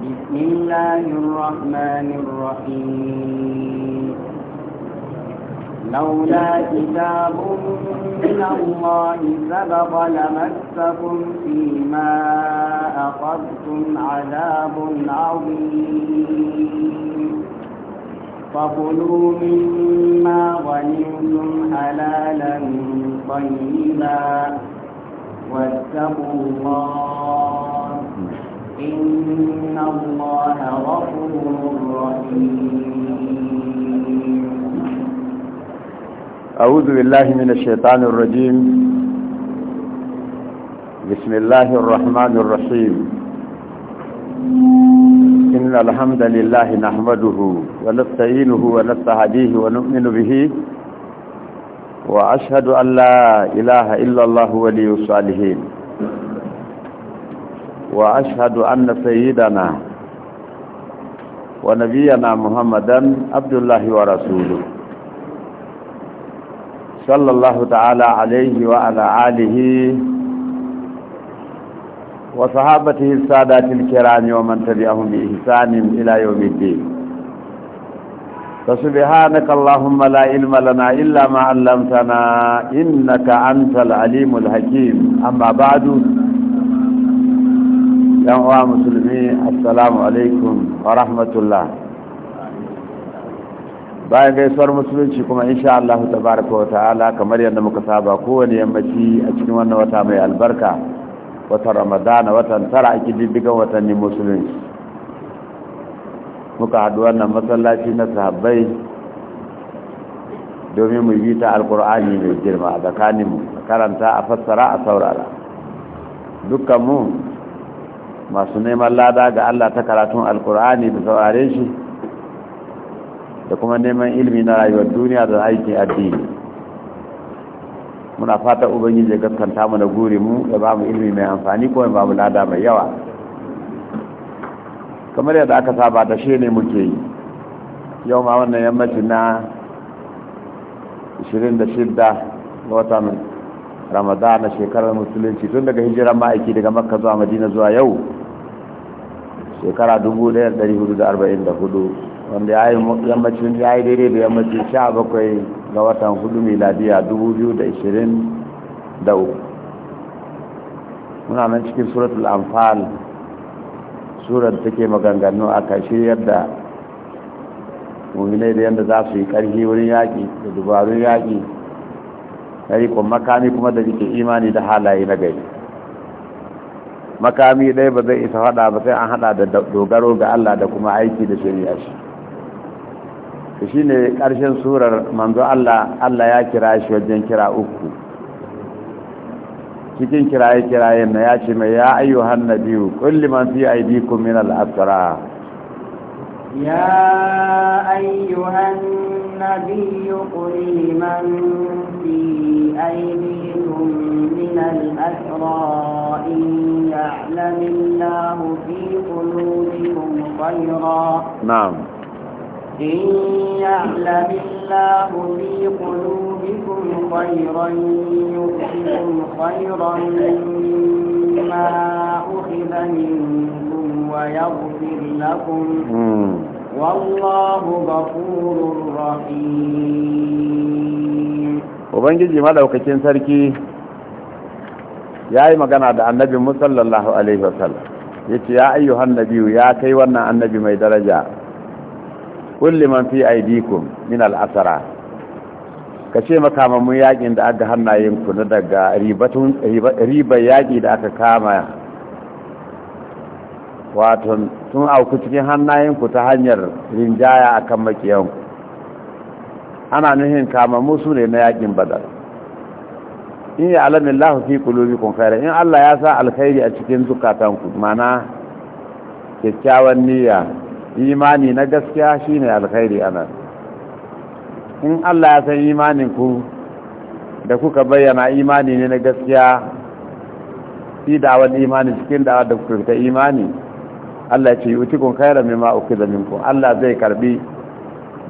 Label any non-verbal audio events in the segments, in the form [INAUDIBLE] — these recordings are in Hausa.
بسم الله الرحمن الرحيم لولا كتاب من الله سبق لمسكم فيما أخذتم عذاب عظيم فكلوا مما غنمتم حلالا طيبا واتقوا الله إن الله غفور رحيم أعوذ بالله من الشيطان الرجيم بسم الله الرحمن الرحيم إن الحمد لله نحمده ونستعينه ونستهديه ونؤمن به وأشهد أن لا إله إلا الله ولي الصالحين وأشهد أن سيدنا ونبينا محمدا عبد الله ورسوله صلى الله تعالى عليه وعلى آله وصحابته السادات الكرام ومن تبعهم بإحسان إلى يوم الدين فسبحانك اللهم لا علم لنا إلا ما علمتنا إنك أنت العليم الحكيم أما بعد yan uwa musulmi assalamu alaikum wa rahmatullah bayan gaisuwar musulunci kuma insha Allah tabaraka wa ta'ala kamar yadda muka saba kowane yammaci a cikin wannan wata mai albarka wata ramadana wata tara ake diddigan watannin musulunci muka haɗu wannan masallaci na sahabbai domin mu yi ta alkur'ani mai girma a tsakaninmu a karanta a fassara a saurara dukkanmu masu neman lada ga Allah ta karatun alkur'ani da saurare shi da kuma neman ilmi na rayuwar duniya da aiki addini muna fata ubangiji ya gaskanta mu da guri mu da ba mu ilmi mai amfani ko ba mu lada mai yawa kamar yadda aka saba da shi ne muke yi yau ma wannan yammacin na 26 ga watan ramadana shekarar musulunci tun daga hijiran ma'aiki daga makka zuwa madina zuwa yau shekara 1444 wanda ya yi yammacin ya yi daidai da yammacin 17 ga watan hudu miladiya 2023 muna nan cikin suratul amfal surar take maganganu a kan shiryar da da yadda za su yi ƙarfi wurin yaƙi da dubarun yaƙi na rikon makami kuma da rike imani da halaye na gari makami ɗaya ba zai isa haɗa ba sai an haɗa da dogaro ga Allah da kuma aiki da shari'a shi to shine karshen surar manzo Allah Allah ya kira shi wajen kira uku cikin kiraye kirayen na ya ce mai ya ayyuhan nabiyu kulli man fi aidikum min al-asra يا أيها النبي قل لمن في أيديكم من الأسرى إن يعلم الله في قلوبكم خيرا نعم إن يعلم الله في قلوبكم خيرا يؤتكم خيرا مما Ubangiji madaukakin sarki ya yi magana da annabi musallallahu Alaihi wasallam ya ce ya ayyuhan nabiyu ya kai wannan annabi mai daraja kulli man fi aidikum min al'asara ka ce makamanmu yakin da aka hannayenku na daga ribar yaƙi da aka kama wato tun auku cikin hannayenku ta hanyar rinjaya a kan makiyanku ana nuhin kama su ne na yakin badar in yi alamin lafafi kulubi kun kaira in allah ya sa alkhairi a cikin zukatanku mana kyakkyawan niyya imani na gaskiya shine alkhairi anan in Allah ya san imanin ku da kuka bayyana imani ne na gaskiya fi da'awar imani cikin da'awar da kuka ta imani Allah ce yi kun utikun ma mimma da minku, Allah zai karbi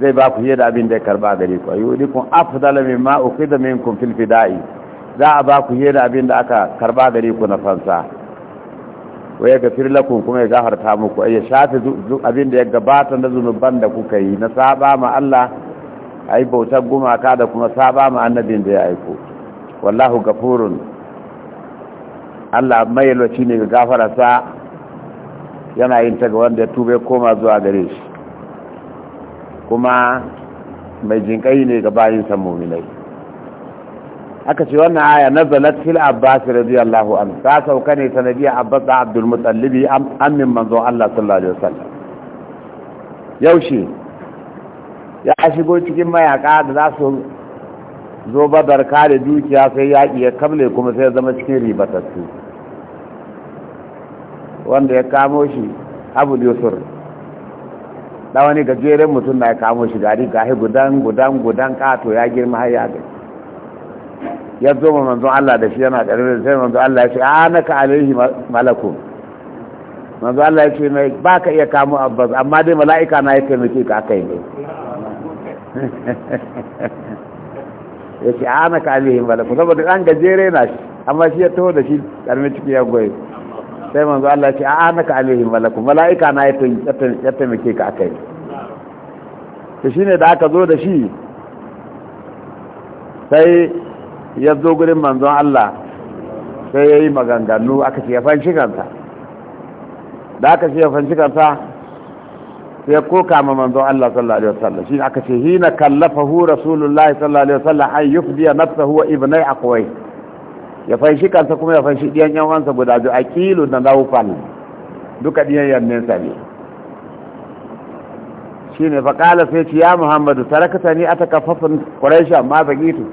zai ba ku yadda abin da ya karba gare ku yi ayyudikum afdala mimma da minku fil fida'i za a ba ku yadda abin da aka karba gare ku na fansa waya gafir lakum kuma ya gafarta muku ya shafi abin da ya gabata na zunuban da kuka yi na saba ma Allah a yi bautar gumaka da kuma saba ma annabin da ya aiko wallahu gafurun allah mai ne ga gafararsa yana yin ta ga wanda ya tube koma zuwa gare shi kuma mai jinkai ne ga bayin muminai aka ce wannan aya na fil abbas radiyallahu anhu ta sauka ne sanadiyar abbas da abdul amin manzon manzo Allah sallallahu alaihi wasallam yaushe ya shigo cikin mayaka da za su zo badar kare dukiya sai ya ya kamle kuma sai zama cikin ribatattu wanda ya kamo shi abu yusur da wani gajeren mutum na ya kamo shi gari gahi gudan gudan gudan kato ya girma har ya gai ya zo ma manzon Allah da shi yana ƙarfi sai manzon Allah ya ce a ah, naka alaihi malaku manzon Allah ya ce mai ba ka iya kamo abbas amma dai mala'ika na ya taimake ka aka yi ne [LAUGHS] ya ce ana da kusa ba saboda an gajere na shi amma shi ya taho da shi karmin ciki ya goyi sai manzo Allah ce ana ah, ba da kuma mala'ika na ya taimake ka akai to shine da aka zo da shi sai ya zo gurin manzo Allah sai ya yi maganganu aka ce ya fanci kanta da aka ce ya fanci kanta sai ko ma manzon Allah sallallahu alaihi wasallam shi aka ce hina kallafahu rasulullahi sallallahu alaihi wasallam ay yufdi nafsahu wa ibnai aqwai ya fanshi kansa kuma ya fanshi diyan yan wansa guda biyu aqilu da nawfal duka diyan yan shi ne shine fa qala sai ce ya muhammadu tarakata ni atakaffafun quraisha amma bagitu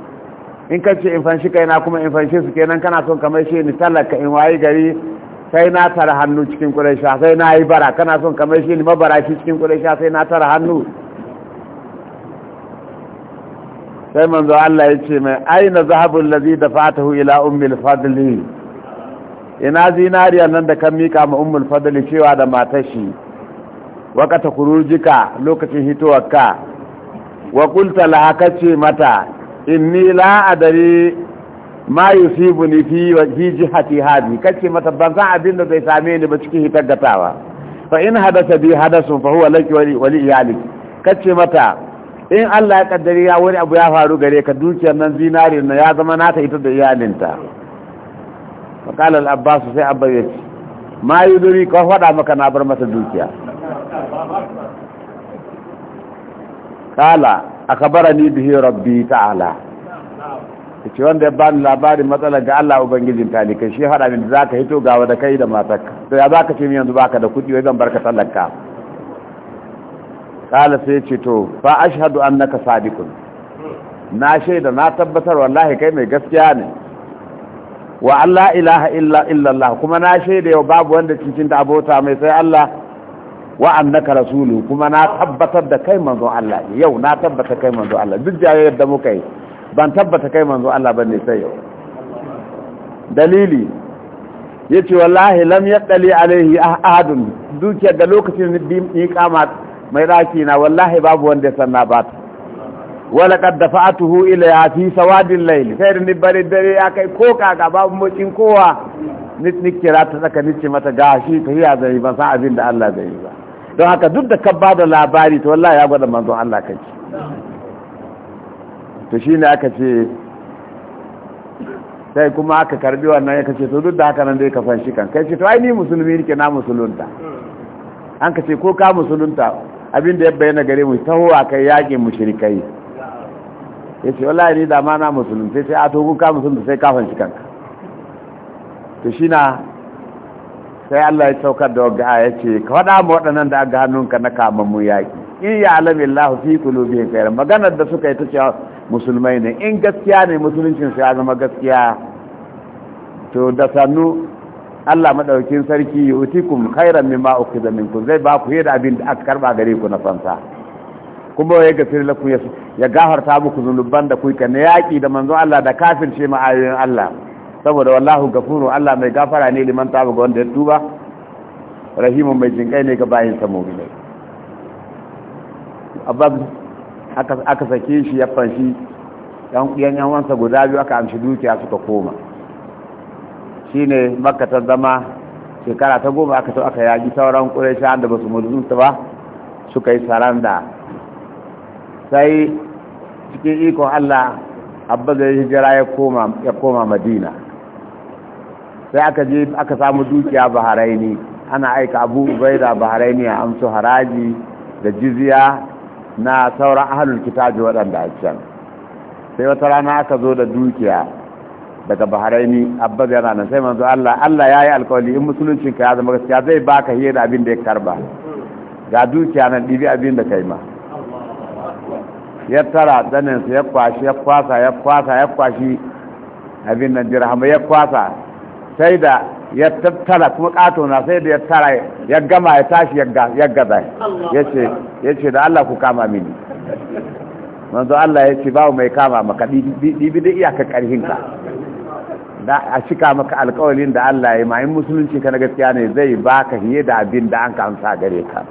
in kace in fanshi kaina kuma in fanshi su kenan kana son kamar shi ni talaka in wayi gari sai na tara hannu cikin sha sai na yi bara kana son kamar shi lima bara shi cikin sha sai na tara hannu sai manzo Allah ya ce mai aina zahabun lazi da fatahu ila ummul fadli ina zinariya nan da kan mika ma ummul fadli cewa da matashi wakata kurujika lokacin hitowarka wa qulta laha ce mata inni la adari ma yusibu ni fi fi jihati hadi kace mata ban san abin da zai same ni ba cikin hitar gatawa fa in hadatha bi hadasun fa huwa laki wali wali iyalik kace mata in Allah ya kaddari ya wani abu ya faru gare ka dukiyar nan zinari na ya zama nata ita da iyalinta fa qala al abbas sai abba ya ce ma yudri ka fada maka na bar mata dukiya qala akabarani bihi rabbi ta'ala ce wanda ya bani labarin matsalar ga Allah ubangijin talikai shi hada min za ka hito gawa da kai da matarka to ya za ka ce min yanzu baka da kuɗi wai zan barka talaka kala sai ce to fa ashhadu annaka sadiqun na shaida na tabbatar wallahi kai mai gaskiya ne wa Allah ilaha illa illa Allah kuma na shaida yau babu wanda da abota mai sai Allah wa annaka rasulu kuma na tabbatar da kai manzo Allah yau na tabbata kai manzo Allah duk jayayyar da muka yi ban tabbata kai manzo Allah bane sai yau dalili yace wallahi lam yaqali alaihi ahadun dukiya da lokacin ni kama mai raki na wallahi babu wanda sanna ba wala kad dafa'atuhu ila fi sawadil layl sai ni bari dare ya kai ko kaga babu mocin kowa nit nikira ta saka ce mata gashi ta hiya zai ba sa abin da Allah zai yi ba don haka duk da ka bada labari to wallahi ya gwada manzo Allah kai to shi ne aka ce sai kuma aka karbi wannan ya kace to duk da haka nan dai ka fanshi kan kai ce to ai ni musulmi nake na musulunta an ka ce ko ka musulunta abinda ya bayyana gare mu taho a kai yaƙin mushrikai ya ce wallahi ni da ma na musulunta sai a to ko ka musulunta sai ka fanshi kanka to shi na sai Allah ya saukar da wa ya ce ka faɗa ma waɗannan da aka hannunka na kamammu yaƙi in ya alamin lahu fi qulubihim khairan maganar da suka yi ta cewa musulmai ne in gaskiya ne musuluncin ya zama gaskiya to da sannu Allah madaukin sarki yutikum khairan mimma ukhidha minkum zai ba ku yadda abin da aka karba gare ku na fansa kuma ya sirri lakum ya gafarta muku zunuban da kuka na yaki da manzo Allah da kafirce ma ayoyin Allah saboda wallahu gafuru Allah mai gafara ne liman tabu ga wanda ya tuba rahimun mai jinkai ne ga bayin sa mu'minai abab aka sake shi ya fashi yan yawansa guda biyu aka amshi dukiya suka koma shi ne makatar zama shekara ta goma aka to aka yaji sauran an da ba su mulzunta ba suka yi saranda sai cikin ikon allah abba zai hijira ya koma madina sai aka je aka samu dukiya baharaini ana aika abu ubaida baharaini a amsu haraji da jiziya. na sauran ahalul kitabi waɗanda a can sai wata rana aka zo da dukiya daga baharaini abbas yana nan sai manzo Allah Allah yayi alkawali in musulunci ka ya zama gaskiya zai baka hiye da abin da ya karba ga dukiya nan dibi abin da kai ma ya tara danin ya kwashi ya kwasa ya kwasa ya kwashi abin nan dirham ya kwasa sai da ya tattara kuma kato na sai da ya tara ya gama ya tashi ya gaza ya ce da Allah ku kama mini manzo Allah ya ce babu mai kama maka ɗibi da iyaka ƙarhinka da a cika maka alkawalin da Allah ya ma'in musulunci ka na gaskiya ne zai baka hiye da abin da an kamsa gare ka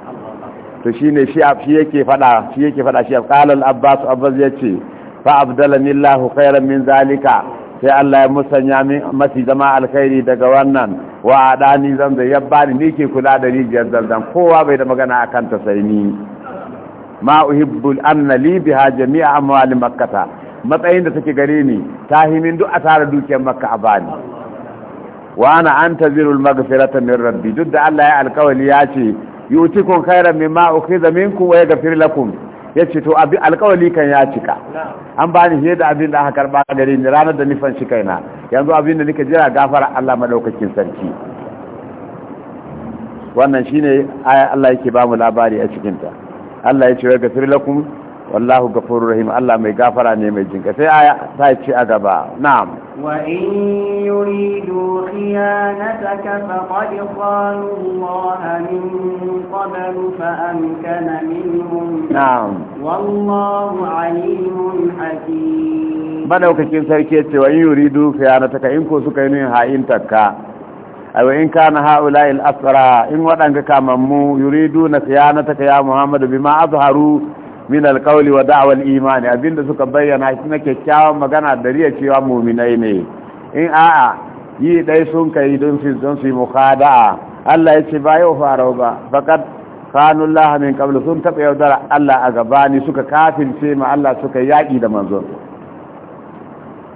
to shine shi shi yake fada shi yake fada shi qala al abbas abbas yace fa abdalani Allah min zalika sai Allah ya musanya mafi zama alkhairi daga wannan wa adani zan ya bani ni ke kula da rijiyar zanzan kowa bai da magana a kanta sai ni ma uhibbul anna li biha jami'a amwali makkata matsayin da take gare ni tahimin duk a tara dukiyar makka a bani wa ana antazirul magafirata min rabbi duk da Allah ya alkawali ya ce yutikum khairan mimma ukhidha minkum wa yaghfir lakum ya ce to abin alkawali kan ya cika an ba ni da abin da aka karba gare ni ranar da nifan shi kaina yanzu abin da nika jira gafara Allah madaukakin sarki wannan shine Allah yake ba mu labari a cikinta Allah ya ce wa gafir lakum wallahu gafurur rahim Allah mai gafara ne mai jinka sai aya ta ce a gaba na'am wa in yuridu khiyanataka faqad qalu Allah min qablu fa amkana minhum na'am wallahu alimun hakim madaukakin sarki ce wa in yuridu khiyanataka in ko suka yi nin ha'intarka ayo in kana haula al asra in wadanga kamammu yuridu na khiyanataka ya muhammadu bima azharu min alƙawli wa da'awal imani abinda suka bayyana shi na kyakkyawan magana da riya cewa muminai ne in a'a yi dai sun kai don su don su muhada'a Allah ya ce ba yau farau ba fakat kanu Allah min sun taɓa yaudara Allah a gabani suka kafirce ma Allah suka yaƙi da manzon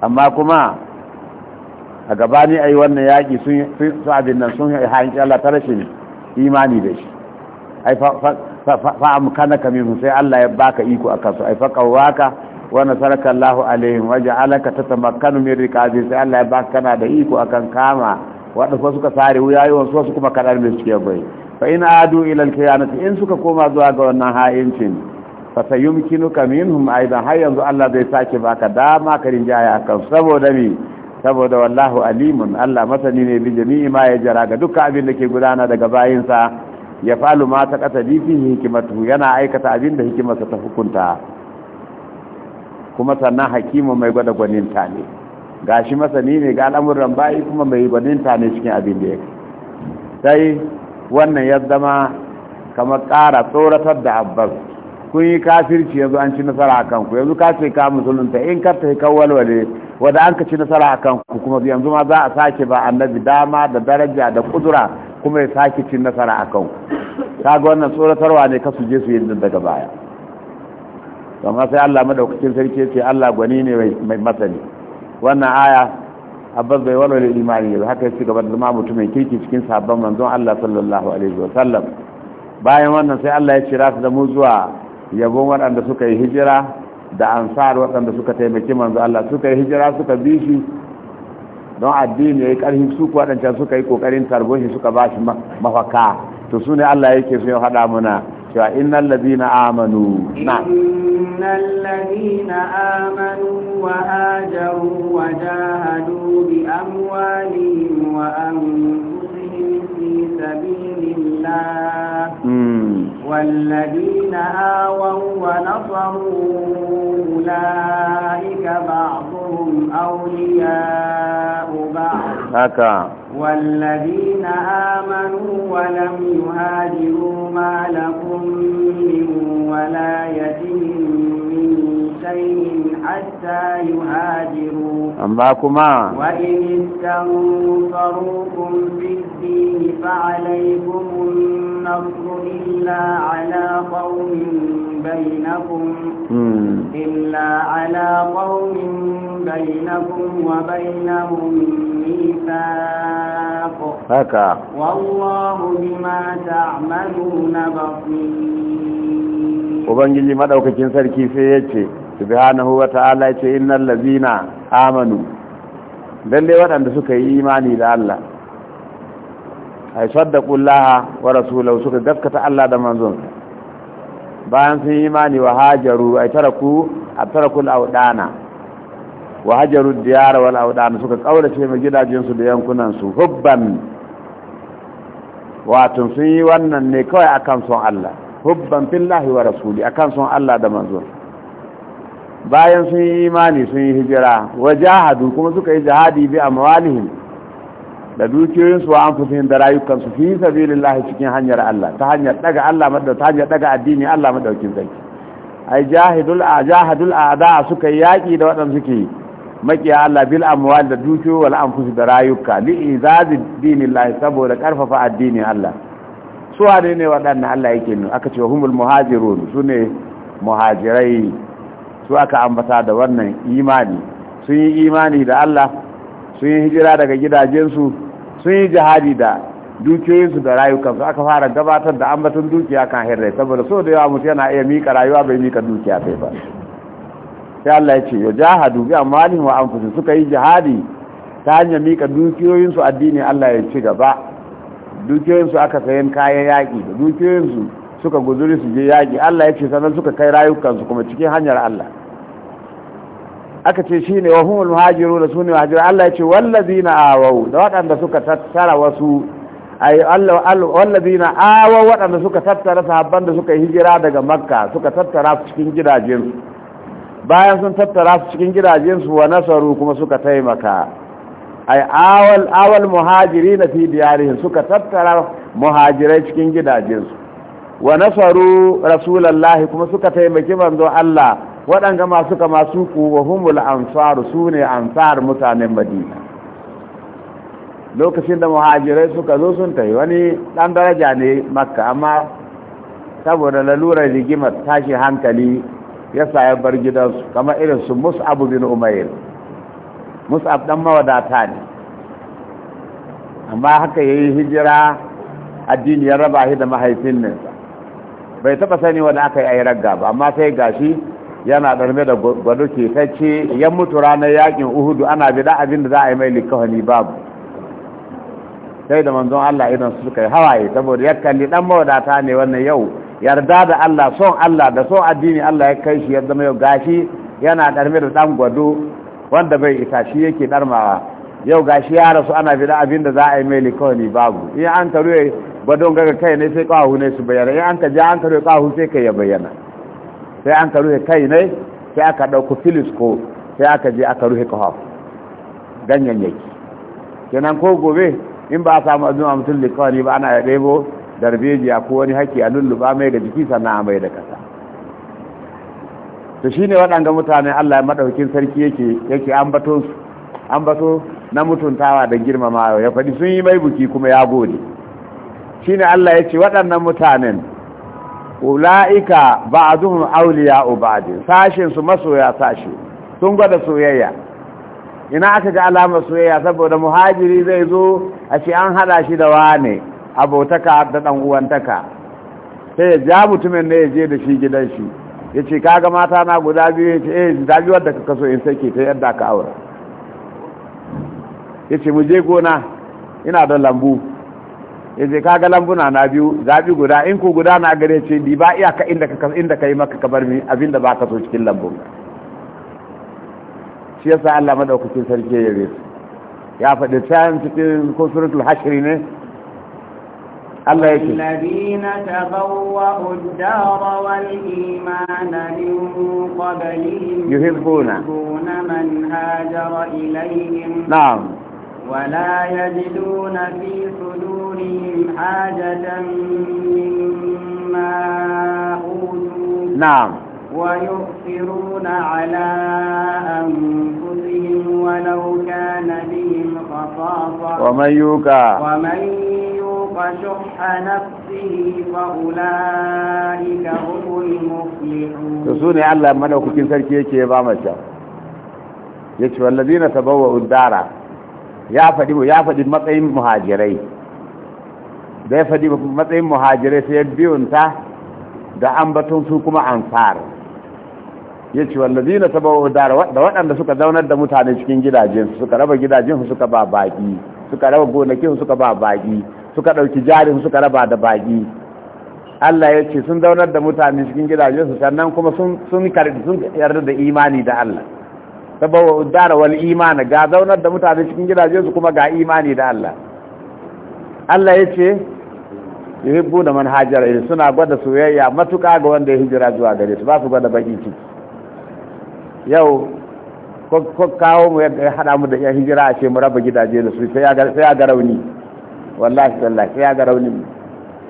amma kuma a gabani ai wannan yaƙi sun su abin nan sun hanki Allah ta rashin imani da shi fa'amkanaka minhu sai Allah ya baka iko akan su ai faqawaka wa nasaraka Allah alaihim waja'alaka tatamakkanu min riqabi sai Allah ya baka kana da iko akan kama wanda suka sare wuyayi wasu su kuma kadar mai suke bai fa in adu ila alqiyanati in suka koma zuwa ga wannan ha'incin fa sayumkinuka minhum aidan har yanzu Allah zai sake baka dama ka rinjaya akan saboda mi saboda wallahu alimun Allah masani ne bi jami'i ma ya jara ga dukkan abin da ke gudana daga bayinsa ya falu ma ta kasa bifin hikimatu yana aikata abin da hikimarsa ta hukunta kuma sannan hakimu mai gwada gwanin ta ne ga shi masani ne ga al'amuran bai kuma mai gwanin ta ne cikin abin da ya sai wannan ya zama kama kara tsoratar da abbas kun yi kafirci yanzu an ci nasara a kanku yanzu ka ce ka musulunta in ka ta kan walwale wadda an ka ci nasara a kanku kuma yanzu ma za a sake ba annabi dama da daraja da kudura kuma ya sake cin nasara a kan kaga wannan tsoratarwa ne kasu je su yi daga baya amma sai Allah madaukakin sarki ce Allah gwani ne mai masani wannan aya abbas bai walwale imani ba haka ya ci gaba da zama mutumin kirki cikin sabon manzon Allah sallallahu alaihi wa sallam bayan wannan sai Allah ya cira su da mu zuwa yabon waɗanda suka yi hijira da ansar waɗanda suka taimaki manzo Allah suka yi hijira suka bi shi don addini yayi karfi su kuwa suka yi kokarin tarbon shi suka ba shi mafaka to su ne Allah yake so ya hada muna cewa innal ladina amanu na innal ladina amanu wa ajaru wa jahadu bi amwalihim wa anfusihim fi sabilillah hmm. والذين آووا ونصروا أولئك بعضهم أولياء بعض هكا والذين آمنوا ولم يهاجروا ما لكم من ولايتهم إليهم حتى يهاجروا أما كما وإن استنصروكم في الدين فعليكم النصر إلا على قوم بينكم إلا على قوم بينكم وبينهم ميثاق والله بما تعملون بصير ubangiji maɗaukakin sarki sai ya ce subhanahu wa ta'ala ya ce innal lazina amanu lalle waɗanda suka yi imani da Allah ay ƙullaha wa rasulahu suka gaskata Allah da manzon bayan sun yi imani wa hajaru ay taraku ku awdana wa hajaru diyara wal awdana suka ƙaurace mai gidajensu da yankunansu, su hubban wato sun yi wannan ne kawai akan son Allah hubban fillahi wa rasuli akan son Allah da manzo bayan sun yi imani sun yi hijira wa jahadu kuma suka yi jihadi bi amwalihim da dukiyoyinsu wa anfusihim da rayukansu fi sabilillahi cikin hanyar Allah ta hanyar daga Allah madda ta hanyar daga addini Allah madaukin sarki ai jahidul ajahadul a'da suka yi yaki da waɗanda suke makiya Allah bil amwal da dukiyoyi wal anfus da rayuka li izazi dinillahi saboda karfafa addinin Allah su wane ne waɗannan Allah yake nuna aka ce humul muhajirun su ne muhajirai su aka ambata da wannan imani sun yi imani da Allah sun yi hijira daga gidajensu sun yi jihadi da dukiyoyinsu da rayukansu aka fara gabatar da ambatan dukiya kan hirrai saboda so da yawa mutu yana iya mika rayuwa bai mika dukiya sai ba sai Allah ya ce yau jihadu bi amalihim wa anfusihim suka yi jihadi ta hanyar mika dukiyoyinsu addini Allah ya ci gaba dukiyoyinsu aka sayan kayan yaƙi da dukiyoyinsu suka guzuri su je yaƙi Allah ya ce sannan suka kai rayukansu kuma cikin hanyar Allah aka ce shi ne wa humul muhajiru da su ne muhajiru Allah ya ce wallazina awau da waɗanda suka tattara wasu wallazi wallazina awau waɗanda suka tattara sahabban da suka yi hijira daga makka suka tattara su cikin gidajensu bayan sun tattara su cikin gidajensu wa nasaru kuma suka taimaka ai awal awal muhajiri na fi diyarihim suka tattara muhajirai cikin gidajensu wa nasaru rasulallahi kuma suka taimaki manzo Allah waɗanga masu kama su wa humul ansaru su ansar mutanen madina lokacin da muhajirai suka zo sun tafi wani ɗan daraja ne makka amma saboda lalurar rigimar tashi hankali ya sa ya bar gidansu kamar irin su mus'ab bin umayr mus'ab ɗan mawadata ne amma haka ya yi hijira addini ya raba shi da mahaifin nan bai taɓa sani wani aka yi a yi ragga ba amma sai gashi yana ɗarme da gwado ke ta ce ya mutu ranar yakin uhudu ana bida abin da za a yi mai likawani babu sai da manzon Allah idan su suka yi hawaye saboda ya kalli ɗan mawadata ne wannan yau yarda da Allah son Allah da son addini Allah ya kai shi ya zama yau gashi yana ɗarme da ɗan gwado wanda bai isa shi yake darmawa yau gashi ya rasu ana da abin da za a yi mai likawani babu in an karuwa badon gaga kai ne sai kawo ne su bayyana in an ka ja an karuwa kawo sai kai ya bayyana sai an karuwa kai ne sai aka ɗauku ko sai aka je aka ruhe kawo ganyayyaki kenan ko gobe in ba a samu azuma mutum likawani ba ana ya ɗebo darbejiya ko wani haƙƙi a lulluɓa mai ga jiki sannan a mai da ƙasa to shi ne waɗanda mutane Allah ya maɗaukin sarki yake yake ambato na mutuntawa da girmamawa ya faɗi sun yi mai buki kuma ya gode Shi ne Allah ya ce waɗannan mutanen ula'ika ba'duhum awliya auliya Sashen su masoya sashe, sun gwada soyayya ina aka ga alamar soyayya saboda muhajiri zai zo a ce an haɗa shi da wane abotaka da ɗan'uwantaka uwantaka sai ya ja mutumin ne ya je da shi gidan shi ya ce kaga mata na guda biyu ya ce eh zabi wadda ka kaso in sake ta yadda ka aura ya ce mu je gona ina da lambu ya ce kaga lambuna na biyu zabi guda in ku guda na gare ce di ba iyaka inda ka inda kai maka ka bar mi abinda ba ka so cikin lambun shi yasa Allah madaukakin sarki ya yi ya faɗi can cikin kusurtul hashri ne الله يكفي الذين تبوأوا الدار والإيمان من قبلهم يحبون يحبون من هاجر إليهم نعم ولا يجدون في صدورهم حاجة مما أوتوا نعم ويؤثرون على أنفسهم ولو كان بهم خصاصة ومن يوكا ومن ويوق شح نفسه فأولئك هم المفلحون تسوني الله من أكتن سركي يكي بامشا يكشف الذين تبوأوا الدار ya faɗi ya faɗi matsayin muhajirai da ya faɗi matsayin muhajirai sai biyunta da ambaton su kuma ansar ya ce wallazi na taba da waɗanda suka zaunar da mutane cikin gidajensu suka raba gidajen suka ba baƙi suka raba gonakin suka ba baƙi suka ɗauki jarin suka raba da baƙi Allah ya ce sun zaunar da mutane cikin gidaje su sannan kuma sun yarda da imani da Allah saboda udara wal imani ga zaunar da mutane cikin gidaje su kuma ga imani da Allah Allah ya ce yuhibbu da man hajara suna gwada soyayya matuƙa ga wanda ya hijira zuwa gare su ba su gwada baki ciki yau ko kawo mu ya hada mu da ya hijira a ce mu raba gidaje da su sai ya ga rauni wallahi tallahi ya ga raunin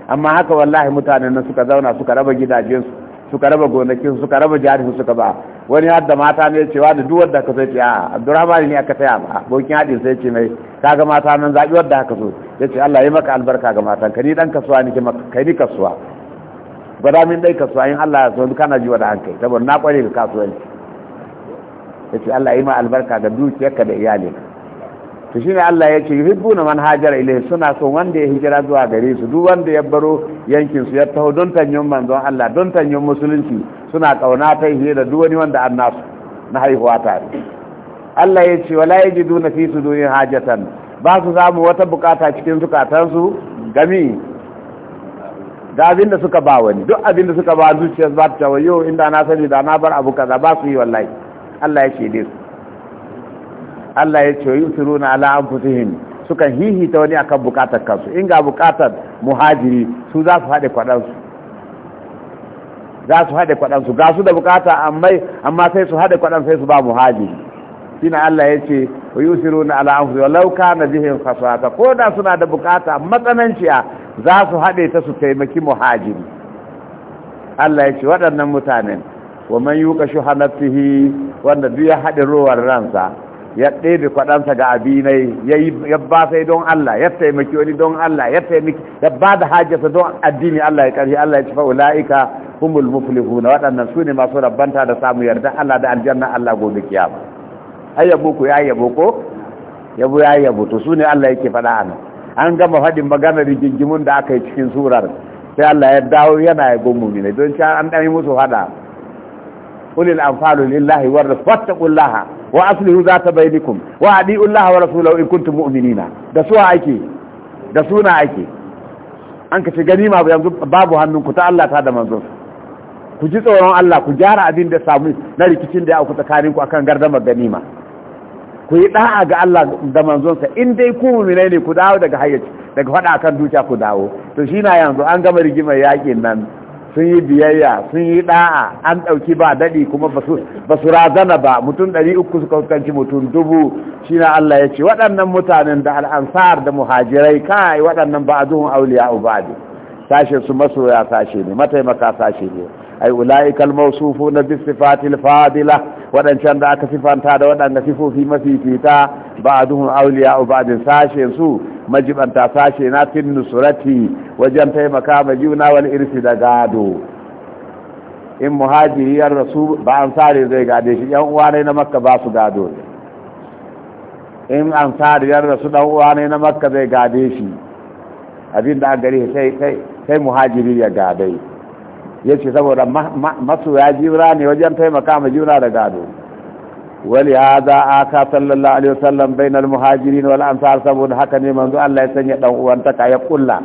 amma haka wallahi mutanen nan suka zauna suka raba gidajensu suka raba gonakinsu suka raba jarinsu suka ba wani har da mata ne cewa da duk wanda ka sai ce a Abdurrahman ne aka taya ba bokin hadin sai ce mai kaga mata nan zabi wanda haka so yace Allah ya maka albarka ga matan ka ni dan kasuwa nake maka kai ni kasuwa gwada min dai kasuwa in Allah ya so kana jiwa da hankali saboda na kware ka kasuwanci yace Allah ya ma albarka ga dukiyarka da iyalinka to shine Allah ya ce yuhibbuna na manhajar ilai suna son wanda ya hijira zuwa gare su duk wanda ya baro yankin su ya taho don tanyon manzon Allah don tanyon musulunci suna kauna ta yi da duk wani wanda an nasu na haihuwa tare Allah ya ce wala yajiduna fi sudurin hajatan ba su samu wata bukata cikin zukatansu gami da abin da suka ba wani duk abin da suka ba zuciyar ba ta wayo inda na sani da na bar abu kaza ba su yi wallahi Allah ya ce dai su Allah ya ce na ala anfusihim hihi hihita wani akan bukatar kansu in ga bukatar muhajiri su za su haɗe kwaɗansu za su haɗe kwaɗansu ga su da bukata amma sai su haɗe kwaɗansu sai su ba muhajiri shi na Allah ya ce yusiru na an yau lauka na jihin kasuwata ko da suna da bukata matsananciya za su haɗe ta su taimaki muhajiri Allah ya ce waɗannan mutanen wa man yuka shuhanatihi wanda duk ya haɗe rowar ransa ya ɗebe kwaɗansa ga abinai ya ba sai don Allah ya taimaki wani don Allah ya taimaki ya ba da hajjasa don addini Allah ya ƙarfi Allah ya ci la'ika humul muflihu na waɗannan su ne masu rabbanta da samu yarda Allah da aljanna Allah gobe kiyama ai yabo ku ya yabo ko yabo ya yabo to su ne Allah yake faɗa a nan an gama faɗin maganar rigingimun da aka yi cikin surar sai Allah ya dawo yana ya gomu ne don an ɗan yi musu faɗa ulil anfalu lillahi war fattaqullaha wa aslihu zata bainakum wa adi'u Allah wa rasulahu in kuntum mu'minina da suwa ake da suna ake an kace ganima yanzu babu hannunku ta Allah ta da manzo ku ji tsoron Allah ku gyara abin da samu na rikicin da ya auku tsakaninku akan gardamar ganima ku yi da'a ga Allah da manzonsa in dai ku mu'minai ne ku dawo daga hayyaci daga fada akan dukiya ku dawo to shi na yanzu an gama rigimar yakin nan sun yi biyayya sun yi da'a an ɗauki ba daɗi kuma basu su razana ba mutum ɗari uku suka hukunci mutum dubu shi na Allah ya ce waɗannan mutanen da al'ansar da muhajirai kai waɗannan ba a duhun auliya ubadi sashe su masoya sashe ne mataimaka sashe ne ai ula'ikal mawsufu na bisifatil fadila waɗancan da aka sifanta da waɗanda sifofi mafifita ba'duhum awliya'u ba'din sashen su majibanta sashe na fin nusurati wajen taimaka ma juna wal irsi da gado in muhajiri yar rasu ba ansari zai gade shi yan uwa na makka ba su gado in ansari yar rasu dan uwa na makka zai gade shi abinda an gari sai sai muhajiri ya gadai ya ce saboda ya jira ne wajen taimaka ma juna da gado wali a ka sallallahu alaihi wasallam bainal muhajirin wal ansar saboda haka ne manzo Allah ya sanya dan uwantaka ya kulla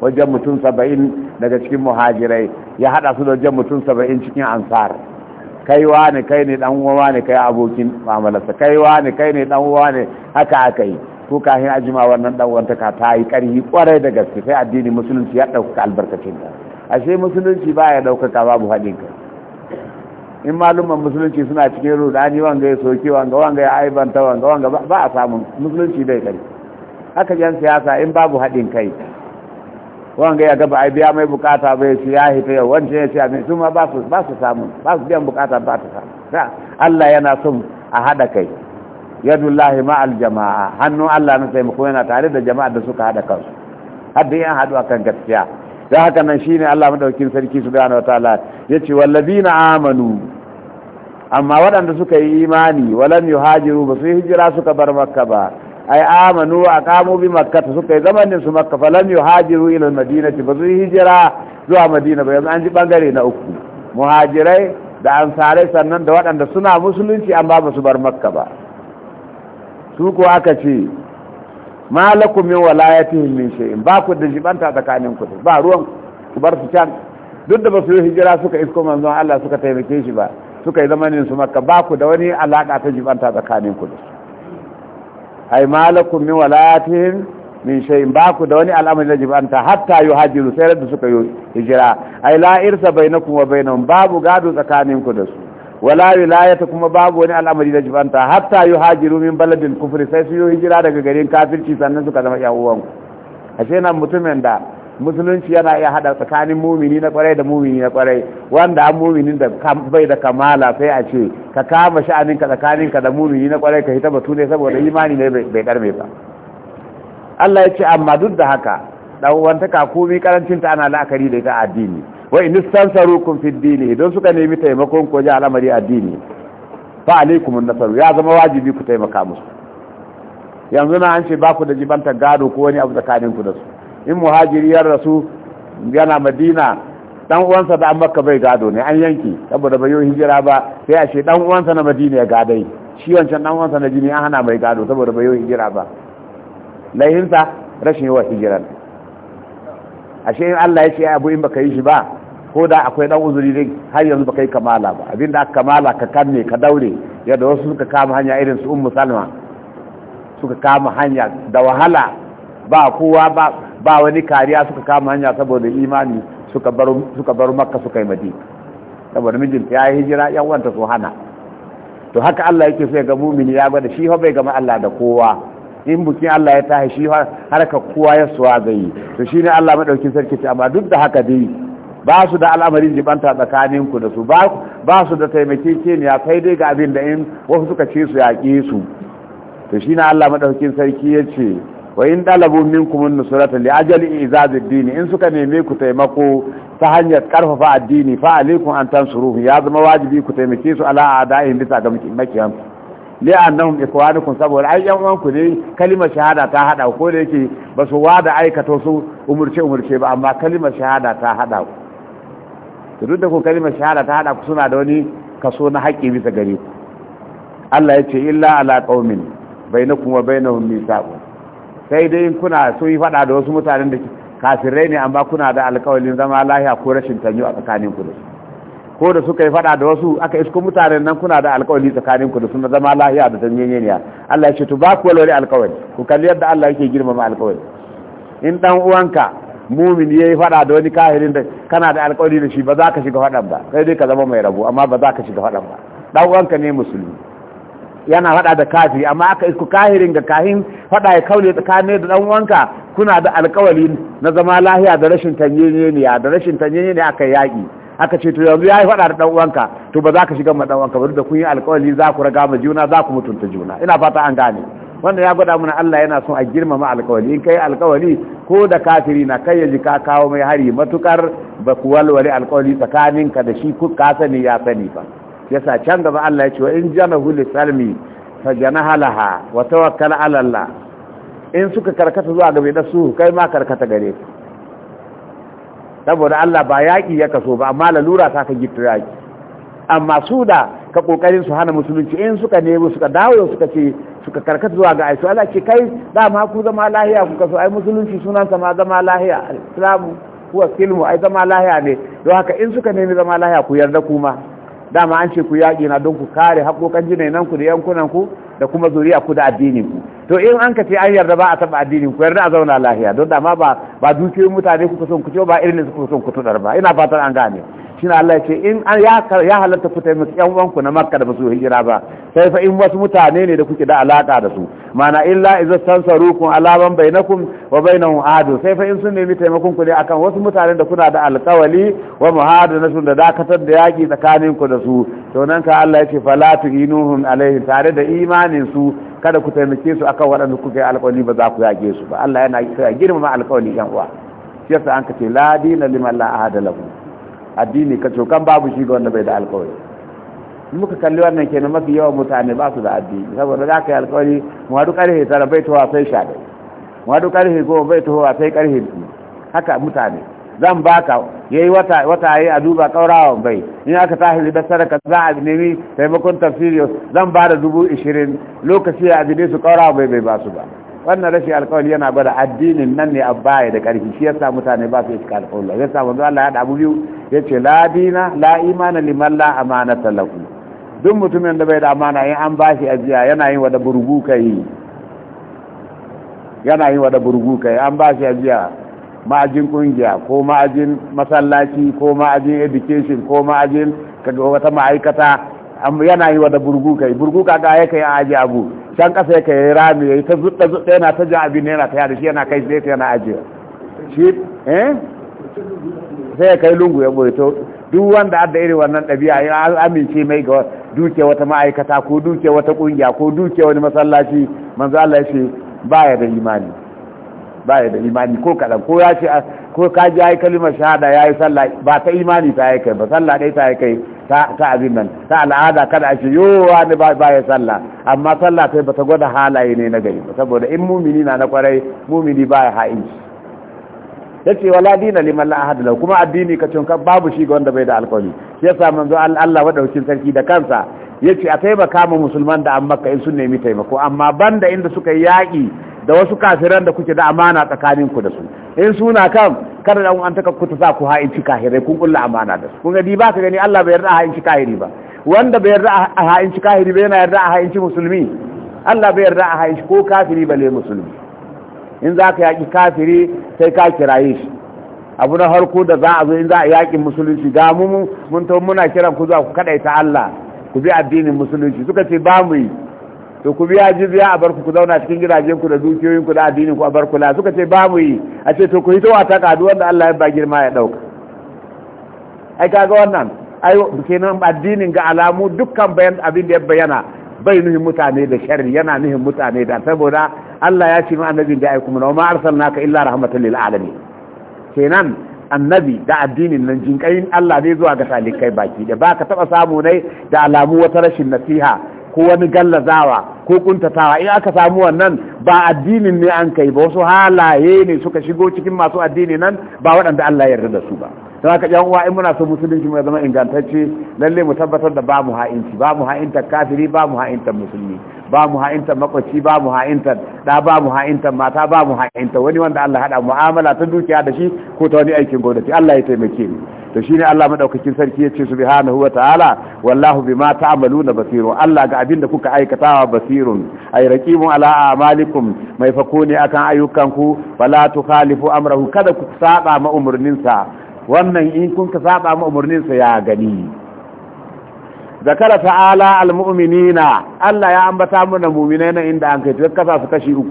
wajen mutum 70 daga cikin muhajirai ya hada su da wajen mutum 70 cikin ansar kai wa ne kai ne dan uwa ne kai abokin mu'amalarsa kai wa ne kai ne dan uwa ne haka aka yi ko kafin ajima wannan dan uwantaka ta yi karhi kwarai da gaske sai addini musulunci ya dauka albarkacin ta ashe musulunci ba ya ɗaukaka babu haɗin kai in malumman musulunci suna cikin rudani wanga ya soke wanga wanga ya aibanta wanga wanga ba a samun musulunci bai kai haka yan siyasa in babu haɗin kai wanga ya gaba biya mai bukata bai su ya hita yau wancan ya ce a mai suma ba su samun ba su biyan bukata ba ta samun Allah yana son a haɗa kai yadullahi ma'al jama'a hannun Allah na taimako yana tare da jama'a da suka haɗa kansu haɗin yan haɗu akan gaskiya da haka nan shine Allah madaukin sarki ya ce yace na amanu amma waɗanda suka yi imani walam yuhajiru ba su hijira suka bar makka ba ai amanu wa aqamu bi makkah suka yi zamanin su makka falam yuhajiru ila almadinati ba su hijira zuwa madina ba yanzu an ji bangare na uku muhajirai da ansarai sannan da waɗanda suna musulunci amma basu bar makka ba su ko aka ce malakum min walayatihim min shay'in ba ku da jibanta tsakanin ku ba ruwan ku bar su can duk da ba su yi hijira suka isko manzon Allah suka taimake shi ba suka yi zamanin su makka ba ku da wani alaka ta jibanta tsakanin ku ai malakum min walayatihim min shay'in ba ku da wani al'amari na jibanta hatta yuhajiru sai da suka yi hijira ai la irsa bainakum wa bainahum babu gado tsakanin ku da su wala wilayata kuma babu wani al'amari na jibanta hatta hajiru min baladil kufri sai su yi hijira daga garin kafirci sannan suka zama yan ashe nan mutumin da musulunci yana iya hada tsakanin mumini na kwarai da mumini na kwarai wanda an muminin da bai da kamala sai a ce ka kama sha'anin ka tsakanin ka da mumini na kwarai ka hita batu ne saboda imani ne bai karme ba Allah ya ce amma duk da haka dan uwantaka komi karancin ta ana la'akari da ita addini wa in istansarukum fi dini idan suka nemi taimakon ku ji al'amari addini fa alaikum an-nasaru ya zama wajibi ku taimaka musu yanzu na an ce ba ku da jibantar gado ko wani abu tsakanin ku da su in muhajiri ya rasu yana madina dan uwansa da makka bai gado ne an yanki saboda bai yi hijira ba sai a ce dan uwansa na madina ya gadai shi wancan dan uwansa na jini an hana mai gado saboda bai yi hijira ba laihinsa rashin yawa hijiran ashe in Allah ya ce abu in baka yi shi ba ko da akwai dan uzuri dai har yanzu ba kai kamala ba abin da aka kamala ka kanne ka daure yadda wasu suka kama hanya irin su ummu salma suka kama hanya da wahala ba kowa ba wani kariya suka kama hanya saboda imani suka bar suka bar makka suka yi madina saboda mijinta ya yi hijira yan wanta su hana to haka Allah yake so ya ga mumini ya gwada shi ho bai gama Allah da kowa in bukin Allah ya tashi shi har ka kowa ya suwa zai to ne Allah madaukin sarki ce amma duk da haka dai ba su da al'amarin jibanta tsakaninku da su ba su da taimakekeniya kai dai ga abin da in wasu suka ce su yaƙe su to shi na Allah maɗaukin sarki ya ce wa in ɗalabun minkumin nusurata li ajali izazid dini in suka neme ku taimako ta hanyar ƙarfafa addini fa alaikum an tansuruhu ya zama wajibi ku taimake su ala a'da'ihim bisa ga makiyan li annahum ikwanukum saboda ai yan uwanku ne kalimar shahada ta haɗa ko da yake ba su wada aikata su umarce umarce ba amma kalimar shahada ta hada ku to duk da ku kalmar shahada ta hada ku suna da wani kaso na haƙƙi bisa gare ku Allah ya ce illa ala qaumin bainakum wa bainahum mithaqun sai dai kuna so yi fada da wasu mutanen da kafirai ne amma kuna da alƙawarin zama lahiya ko rashin tanyo a tsakanin ku da su ko da suka yi fada da wasu aka isko mutanen nan kuna da alƙawari tsakanin ku da suna zama lahiya da tanyenyeniya Allah ya ce to ba ku walwali alƙawari ku kalli yadda Allah yake girmama alƙawari in dan uwanka mumin ya yi fada da wani kahirin da kana da alkawari da shi ba za ka shiga fadan ba sai dai ka zama mai rabu amma ba za ka shiga fadan ba dan uwanka ne musulmi yana fada da kafiri amma aka isku kahirin ga kahin fada ya kaule tsakanin da dan uwanka kuna da alkawari na zama lahiya da rashin tanyenye ne da rashin tanyenye ne aka yaki aka ce to yanzu ya yi fada da dan uwanka to ba za ka shiga ma dan uwanka ba da kun yi alkawari za ku raga ma juna za ku mutunta juna ina fata an gane wanda ya gwada mana Allah yana son a girmama alkawali in kai alkawali ko da kafiri na kai ya ji ka kawo mai hari matukar ba ku walwale alkawali tsakaninka da shi ku ka sani ya sani ba yasa can gaba Allah ya ce wa in janahu salmi fa jana halaha wa tawakkal ala Allah in suka karkata zuwa gabe da su kai ma karkata gare ku saboda Allah ba yaƙi ya kaso ba amma lalura ta ka gitto yaƙi amma su da ka kokarin su hana musulunci in suka nemo suka dawo suka ce suka karkata zuwa ga aisu Allah ce kai ma ku zama lahiya ku kaso ai musulunci sunan ma zama lahiya islamu kuwa silmu ai zama lahiya ne don haka in suka nemi zama lahiya ku yarda kuma dama an ce ku yaƙi na don ku kare haƙoƙan jinainan ku da yankunan ku da kuma zuriya ku da addinin ku to in an ka ce an yarda ba a taɓa addinin ku yarda a zauna lahiya don dama ba ba dukiyoyin mutane kuka son ku ce ba irin su kuka son ku tudar ba ina fatan an gane shine Allah ya ce in ya halatta ku taimaki yan uwanku na Makka da basu hijira ba sai fa in wasu mutane ne da kuke da alaka da su mana illa idza tansarukum alaban bainakum wa bainahum adu sai fa in sun nemi taimakon ku ne akan wasu mutanen da kuna da alkawali wa sun da dakatar da yaki tsakanin ku da su to nan ka Allah ya ce fala tu'inuhum alaihi tare da imanin su kada ku taimake su akan waɗanda kuka yi alkawali ba za ku yage su ba Allah yana girmama alkawali yan uwa shi yasa an ka ce ladi dina liman la ahada addini ka cokan babu shi ga wanda bai da alkawari muka kalli wannan kenan mafi yawan mutane ba su da addini saboda za ka yi alkawari mu haɗu ƙarfe tara bai tawa sai sha ɗaya mu haɗu ƙarfe goma bai tawa sai ƙarfe biyu haka mutane zan baka yayi wata wata yayi a duba kaurawan bai in aka tashi da sadaka za a nemi taimakon tafsiri zan ba da dubu ishirin lokaci a gide su kaurawan bai bai ba su ba wannan rashin alkawari yana gwada addinin nan ne a baya da ƙarfi shi yasa mutane ba su yi cika alƙawari yasa manzo Allah ya da abu biyu yace ce dina la imana liman la amanata duk mutumin da bai da amana in an bashi ajiya yana yin wada burgu kai yana yin wada burgu kai an bashi ajiya ma'ajin kungiya ko ma'ajin masallaci ko ma'ajin education ko ma'ajin kaga wata ma'aikata yana yi wada burgu kai burgu kaga ya kai aji abu can kasa ya yi rami ya yi ta zuɗa zuɗa yana ta ja abin yana ta yada shi yana kai sai yana ajiya shi eh sai ya kai lungu ya boito duk wanda adda irin wannan ɗabi'a ya amince mai ga duke wata ma'aikata ko duke wata ƙungiya ko duke wani masallaci manzo Allah ya ce baya da imani baya da imani ko kadan ko ya ce ko ka ji ai kalimar shahada ya yi sallah ba ta imani ta yi kai ba sallah dai ta yi kai ta abin nan ta al'ada kada a ce yo wani ba ya sallah amma sallah sai ba ta gwada halaye ne na gari ba saboda in mumini na na kwarai mumini baya ya ha'inci yace wala dina liman la ahad lahu kuma addini ka babu shi ga wanda bai da alƙawari shi yasa manzo Allah madaukin sarki da kansa ya ce a taimaka ma musulman da an makka in sun nemi taimako amma banda inda suka yaki da wasu kafiran da kuke da amana tsakanin ku da su in suna kan kada da an taka ku ta sa ku ha'inci kahirai kun kulla amana da su kun ga ba ka gani Allah bai yarda a ha'inci kahiri ba wanda bai yarda a ha'inci kahiri bai yana yarda a ha'inci musulmi Allah bai yarda ha'inci ko kafiri bale musulmi in za ka yaƙi kafiri sai ka kiraye shi abu na harko da za a zo in za a yaƙi musulunci ga mu mun to muna kiran ku zuwa ku kaɗaita Allah ku bi addinin musulunci suka ce ba mu yi to ku biya jizya a barku ku zauna cikin gidajen ku da dukiyoyin ku da addinin ku a ku la suka ce ba mu yi a ce to ku yi a taka kadu wanda Allah ya ba girma ya dauka ai kaga wannan ai kenan addinin ga alamu dukkan bayan abin da ya bayyana bai nuhin mutane da sharri yana nuhin mutane da saboda Allah ya ce ma annabin da aiku mana wa ma ka illa rahmatan lil alamin kenan annabi da addinin nan jinkayin Allah ne zuwa ga salikai baki da baka taba samu ne da alamu wata rashin nasiha ko wani gallazawa ko kuntatawa in aka samu wannan ba addinin ne an kai ba wasu halaye ne suka shigo cikin masu addini nan ba waɗanda Allah ya yarda da su ba don haka yan uwa in muna so musulunci mu zama ingantacce lalle mu tabbatar da ba mu ha'inci ba ha'inta kafiri ba mu ha'inta musulmi ba ha'inta makwaci ba ha'inta da ba ha'inta mata ba ha'inta wani wanda Allah hada mu'amala ta dukiya da shi ko ta wani aikin gwamnati Allah ya taimake mu to shine Allah madaukakin sarki ya ce subhanahu wa ta'ala wallahu bima ta'maluna basiru. Allah ga abin da kuka aikatawa basirun ay raqibun ala amalikum mai fako ne akan ayyukanku fala tukhalifu amrahu kada ku saba ma umurninsa wannan in kun ka saba mu umurnin ya gani zakara ta'ala almu'minina Allah ya ambata mana mu'minai na inda an kai to kasa su kashi uku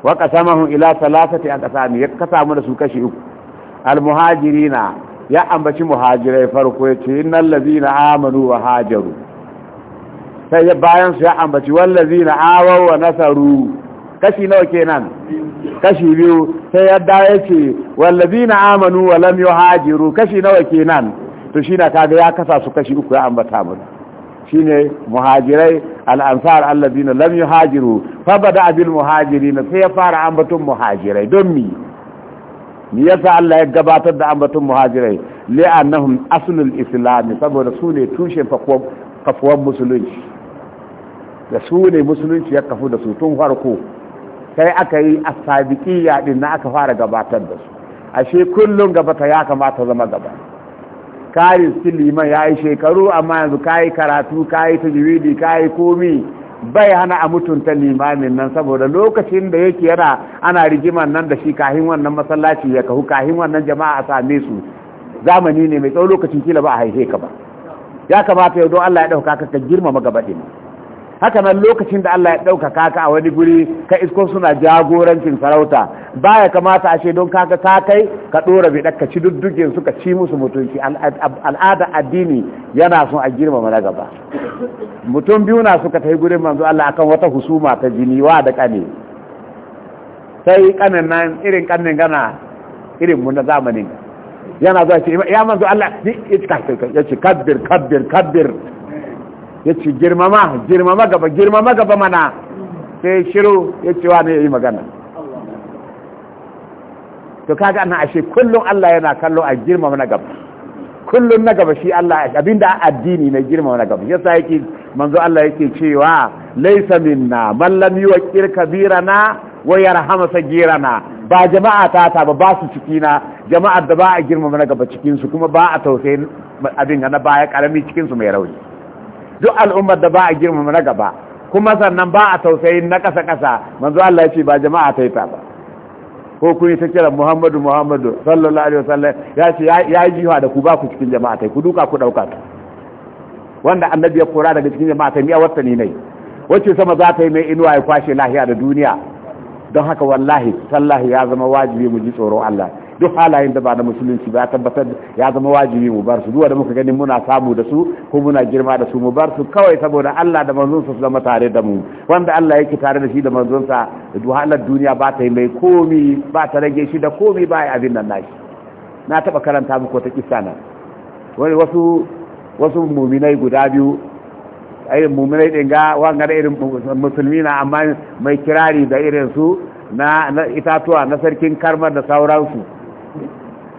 wa qasamahum ila salasati an qasami ya kasa mu da su kashi uku almuhajirina ya ambaci muhajirai farko yace innal ladina amanu wa hajaru sai bayan su ya ambaci wallazina awaw wa nasaru kashi nawa kenan kashi biyu sai ya dawo ya ce na amanu wa lam hajiru kashi nawa kenan to shi na kaga ya kasa su kashi uku ya ambata mu ne muhajirai allah ansar na lam faba fa abin muhajiri na sai ya fara ambatun muhajirai don mi ni sa Allah ya gabatar da ambatun muhajirai li'annahum aslul islam saboda su ne tushen kafuwan musulunci da su ne musulunci ya kafu da su tun farko sai aka yi a sabiƙiya yaɗin na aka fara gabatar da su ashe kullum gabata ya kamata zama gaba kari liman ya yi shekaru amma yanzu ka yi karatu ka yi tajiridi ka yi komi bai hana a mutunta limanin nan saboda lokacin da yake yana ana rigiman nan da shi kahin wannan masallaci ya kahu kahin wannan jama'a a same su zamani ne mai tsawon lokacin kila ba a haife ka ba ya kamata yau don Allah ya ɗauka ka girmama gaba ɗin haka nan lokacin da Allah ya ɗaukaka ka a wani guri ka isko suna jagorancin sarauta baya kamata a don kaka ta kai ka ɗora bai ka ci duddugen suka ka ci musu mutunci al'ada addini yana son a girmama na gaba mutum biyu na suka tafi gurin manzo Allah akan wata husuma ta jini wa da kane sai kanin nan irin ƙanin gana irin mun na zamanin yana zuwa ce ya manzo Allah ya ce kabbir kabbir kabbir ya ce girmama girmama gaba girmama gaba mana sai shiru ya ce wa ne ya yi magana to kaga ana ashe kullum Allah yana kallo a girmama na gaba kullum na gaba shi Allah abinda addini na girmama na gaba yasa yake manzo Allah yake cewa laisa minna man lam yuqir kabirana wa yarhamu sagirana ba jama'a ta ta ba su ciki na jama'a da ba a girmama na gaba cikin su kuma ba a tausayin abin na baya karami cikin su mai rauni duk al'ummar da ba a girmama na gaba kuma sannan ba a tausayin na ƙasa ƙasa manzo Allah ya ce ba jama'a ta yi ta ba ko kun yi ta kira Muhammadu Muhammadu sallallahu alaihi wasallam ya ce ya yi jiwa da ku ba ku cikin jama'a ta ku duka ku dauka ta wanda annabi ya kora daga cikin jama'a ta miya wata ne nai wacce sama za ta yi mai inuwa ya kwashe lahiya da duniya don haka wallahi sallahi ya zama wajibi mu ji tsoro Allah duk halayen da ba na musulunci ba tabbatar ya zama wajibi mu bar su duk wanda muka gani muna samu da su ko muna girma da su mu bar su kawai saboda Allah da manzon sa su zama tare da mu wanda Allah yake tare da shi da manzon sa halar duniya ba ta yi mai komi ba ta rage shi da komi ba ya abin nan nashi na taba karanta muku ta kissa nan wani wasu wasu muminai guda biyu ai muminai din ga irin musulmi na amma mai kirari da irin su na itatuwa na sarkin karmar da sauransu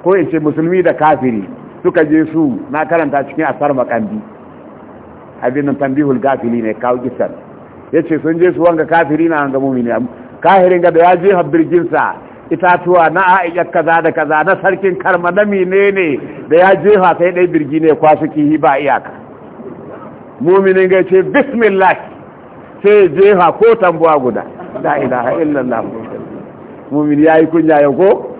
ko in ce musulmi da kafiri suka je su na karanta cikin asar makambi abin nan tambihul gafili ne kawo gisar ya ce sun je su wanga kafiri na hanga mumini kahirin gada ya je habbirginsa itatuwa na a'iyyar kaza da kaza na sarkin karma na mine ne da ya jefa sai ɗai birgi ne kwasu kihi ba iyaka muminin ga ce bismillah sai jefa ko tambuwa guda la ilaha illallah mumin ya yi kunya yau ko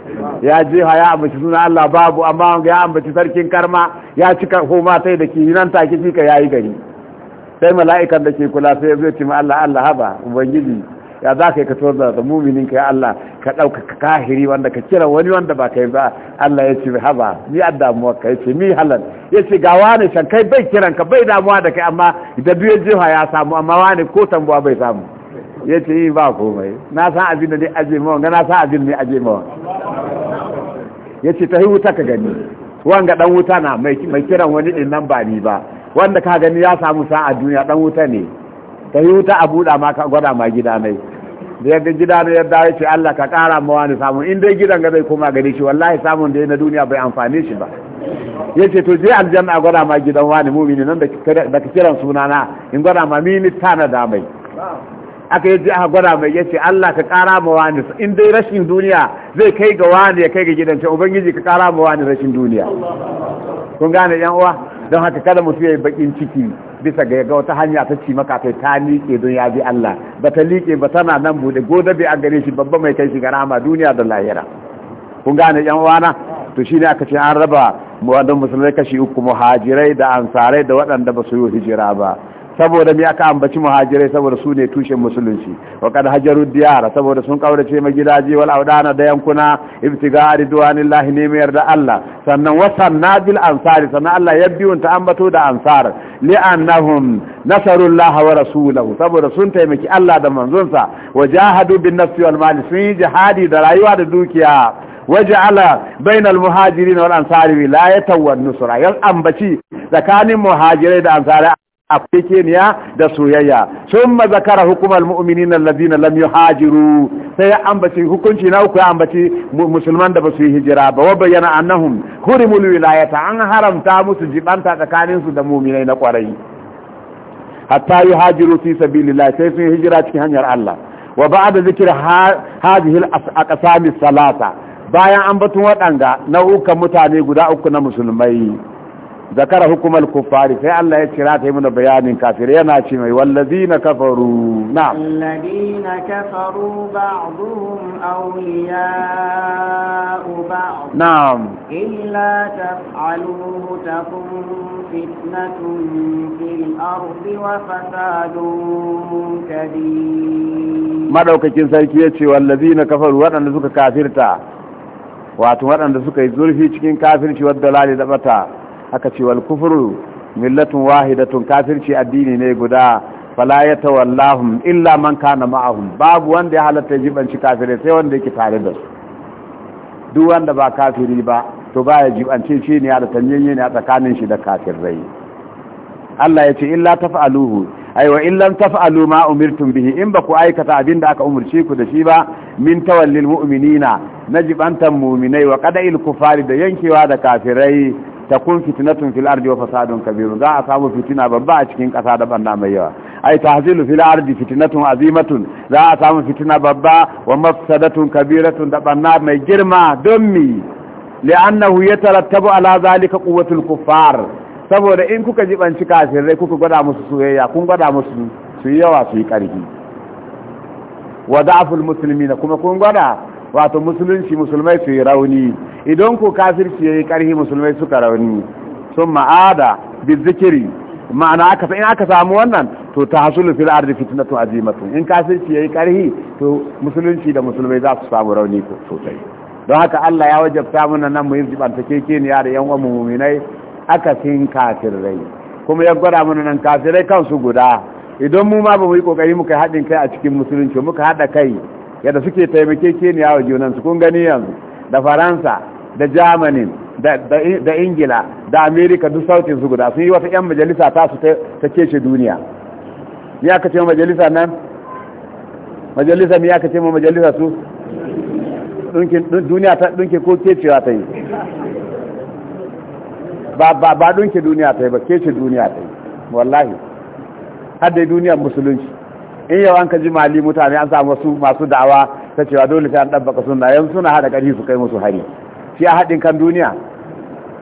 ya je ya ambaci suna Allah babu amma ya ambaci sarkin karma ya cika homa sai da ke nan take shi ka yayi gari sai mala'ikan da ke kula sai zai ce ma Allah Allah haba ubangiji ya za ka yi ka tozar da muminin ka ya Allah ka ɗauka ka kahiri wanda ka kira wani wanda ba kai ba Allah ya ce haba ni a damuwa ka ya ce mi halal ya ce ga wani shan kai bai kiran ka bai damuwa da kai amma da biyu jiha ya samu amma wani ko tambuwa bai samu ya ce yi eh, ba komai na san abin da ne aje mawa ga na san abin ne aje mawa ya ce ta yi wuta ka gani wanga dan wuta na mai kiran wani din nan ba ni ba wanda ka gani ya samu a duniya dan wuta ne ta yi wuta a buɗa ma ka gwada ma gida mai da yadda gida na yadda ya ce Allah ka ƙara ma wani samun in dai gidan ga zai koma gare shi wallahi samun da na duniya bai amfane shi ba ya ce to je aljanna a gwada ma gidan wani mumini nan da ka kiran sunana in gwada ma mini tana na damai. aka yi aka gwada mai yace Allah ka kara ma wani in dai rashin duniya zai kai ga wani ya kai ga gidan gidanta ubangiji ka kara ma wani rashin duniya kun gane yan uwa don haka kada mu fiye bakin ciki bisa ga ga wata hanya ta ci maka kai ta nike don ya bi Allah ba ta liƙe ba tana nan bude goda bi a gare shi babba mai kai shi ga rama duniya da lahira kun gane yan uwa na? to shine aka ce an raba wadan musulmai kashi uku muhajirai da ansarai da waɗanda ba su yi hijira ba saboda me aka ambaci muhajirai saboda su ne tushen musulunci wa kad hajaru diyara saboda sun kaurace ma gidaje wal audana da yankuna ibtiga ridwanillahi ne mayar da Allah sannan wasanna bil ansari sannan Allah ya biyun ta ambato da ansar li Nasarun laha wa rasulahu saboda sun taimaki Allah da manzonsa wajahadu bin nafsi wal mali sun yi jihadi da rayuwa da dukiya waja'ala bainal muhajirin wal ansari wilayatan wan nusra yan ambaci tsakanin muhajirai da afkekeniya da soyayya sun mazakara hukumar mu'minin allazina lam Hajiru. sai ya ambaci hukunci na uku ya ambaci musulman da ba su yi hijira ba wa bayyana annahum hurimul wilayata an haramta musu jibanta tsakaninsu da mu'minai na kwarai hatta hajiru fi sabilillah sai sun hijira cikin hanyar Allah wa ba'da zikir hadhihi al-aqsam salata bayan ambatun waɗanga nau'ukan mutane guda uku na musulmai zakara hukumar kufari sai Allah ya kira ta yi mana bayanin kafir yana ce mai wallazi na kafaru na wallazi na kafaru ba'duhum awliya'u Ila na'am illa taf'aluhu takun fitnatun fil ardi wa fasadun kadi. madaukakin sarki yace wallazi na kafaru waɗanda suka kafirta wato waɗanda suka yi zurfi cikin kafirci wadda lalata aka ce wal kufru millatun wahidatun kafirci addini ne guda fala ya tawallahum illa man kana ma'ahum babu wanda ya halatta jibanci kafirai sai wanda yake tare da su duk wanda ba kafiri ba to ba ya jibance shi ne da tanyenye ne a tsakanin shi da kafirai Allah ya ce illa taf'aluhu ai wa in lam taf'alu ma umirtum bihi in ba ku aikata abin da aka umurce ku da shi ba min tawallil mu'minina najibantan mu'minai wa qada'il kufari da yankewa da kafirai takun fitnatun fil ardi wa fasadun kabirun za a samu fitina babba a cikin kasa da banna mai yawa ai tahzilu fil ardi fitnatun azimatun za a samu fitina babba wa mafsadatun kabiratun da banna mai girma don mi li'annahu yatarattabu ala zalika quwwatul kuffar saboda in kuka jibanci kafirai kuka gwada musu soyayya kun gwada musu su yawa su yi ƙarfi wa da'aful muslimina kuma kun gwada wato musulunci musulmai su yi rauni idan ko kafirci yi ƙarfi musulmai suka rauni sun ma'ada bi ma'ana aka in aka samu wannan to ta hasulu fil ardi fitnatu azimatun in kafirci yi karhi to musulunci da musulmai za su samu rauni sosai don haka Allah ya wajabta mana nan mu yi zibanta kekeniya da yan uwan mu'minai aka sin kafirai kuma ya gwada mana nan kafirai kansu guda idan mu ma ba mu yi kokari muka haɗin kai a cikin musulunci muka haɗa kai yadda suke keniya wa junansu kun gani yanzu da faransa da germany da ingila da amerika duk sautin su guda sun yi wata 'yan majalisa ta su ta kece duniya ni aka ce majalisa nan majalisa ni aka ce ma majalisa su duniya ta dunke ko kecewa ta yi ba dunke duniya ta yi ba kece duniya ta yi wallahi har yi duniyar musulunci in yau an ka ji mali mutane an samu wasu masu da'awa ta cewa dole sai an ɗabbaka suna yan suna haɗa ƙarfi su kai musu hari shi a haɗin kan duniya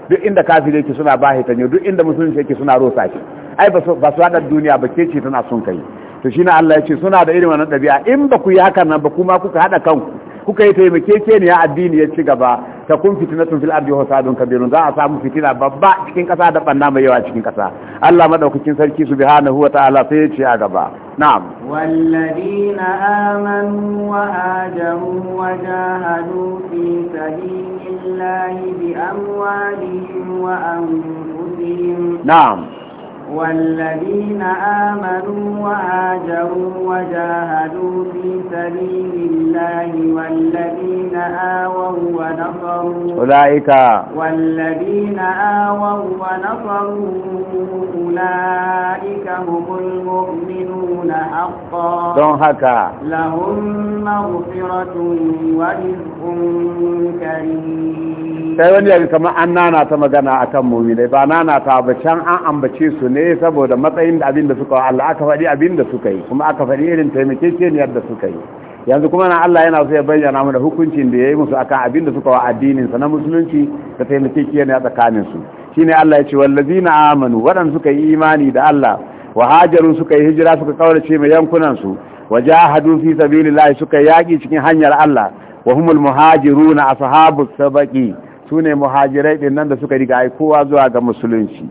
duk inda kafin yake suna ba hita duk inda musulunci yake suna rosa shi ai ba su haɗa duniya ba ke ce tana sun kai to shi na Allah ya ce suna da irin wannan ɗabi'a in ba ku yi hakan nan ba kuma kuka haɗa kanku kuka yi taimakekeniya addini ya ci gaba ta kun tun fil ardi hasadun kabiru za a samu fitina babba cikin ƙasa da banna mai yawa cikin ƙasa Allah madaukakin sarki subhanahu wa ta'ala sai ya ce a gaba نعم والذين آمنوا وآجروا وجاهدوا في سبيل الله بأموالهم وأنفسهم نعم والذين آمنوا وآجروا وجاهدوا في سبيل الله والذين آووا ونصروا أولئك والذين آووا ونصروا أولئك هم المؤمنون حقا دونهكا لهم مغفرة ورزق كريم sai wani yabi kamar an nana ta magana akan mumine ba nana ta ba can an ambace su ne ne saboda matsayin da abin da suka wa Allah aka faɗi abin da suka yi kuma aka faɗi irin taimakekeniyar da suka yi yanzu kuma na Allah yana so ya bayyana mana hukuncin da ya yi musu akan abin da suka wa sa na musulunci da taimakekeniyar tsakanin su ne Allah ya ce wallazina amanu waɗanda suka yi imani da Allah wa hajaru suka yi hijira suka kaurace mai yankunan su wa jahadu fi sabilillahi suka yaƙi cikin hanyar Allah wa humul muhajiruna ashabus sabaqi sune muhajirai din nan da suka riga ai kowa zuwa ga musulunci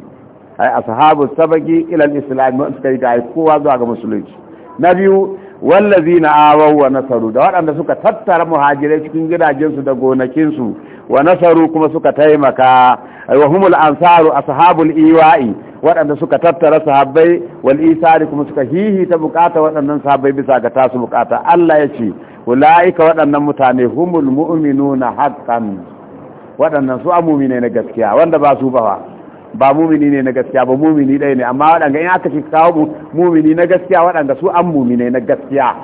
ai ashabu sabaki ila al-islam suka yi kowa zuwa ga musulunci na biyu wallazina awaw wa nasaru da waɗanda suka tattara muhajirai cikin gidajensu da gonakinsu wa nasaru kuma suka taimaka wa humul ansaru ashabul iwa'i waɗanda suka tattara sahabbai wal isari kuma suka hihi ta bukata wadannan sahabbai bisa ga tasu bukata Allah ya ce ulaika waɗannan mutane humul mu'minuna haqqan waɗannan su amumi ne na gaskiya wanda ba su ba ba mumini ne na gaskiya ba mumini ɗaya ne amma waɗanda in aka ce kawo mumini na gaskiya waɗanda su an mumini na gaskiya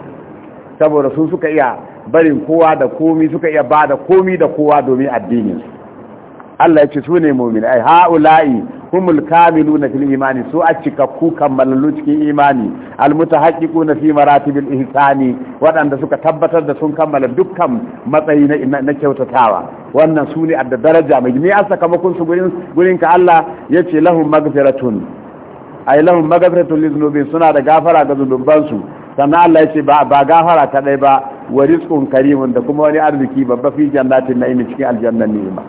saboda su suka iya barin kowa da komi suka iya ba da komi da kowa domin addinin Allah ya ce su ne mumini ai ha'ula'i humul na fil imani su a cikakku kammalallu cikin imani na fi maratibil ihsani waɗanda suka tabbatar da sun kammala dukkan matsayi na kyautatawa wannan su ne da daraja mai me an sakamakon su gurin ka Allah yace lahum magfiratun ay lahum magfiratun lizunubi suna da gafara ga zunubansu sannan Allah ya ba ba gafara ta ba wa rizqun karimun da kuma wani arziki babba fi jannatin na'im cikin aljannan ni'ima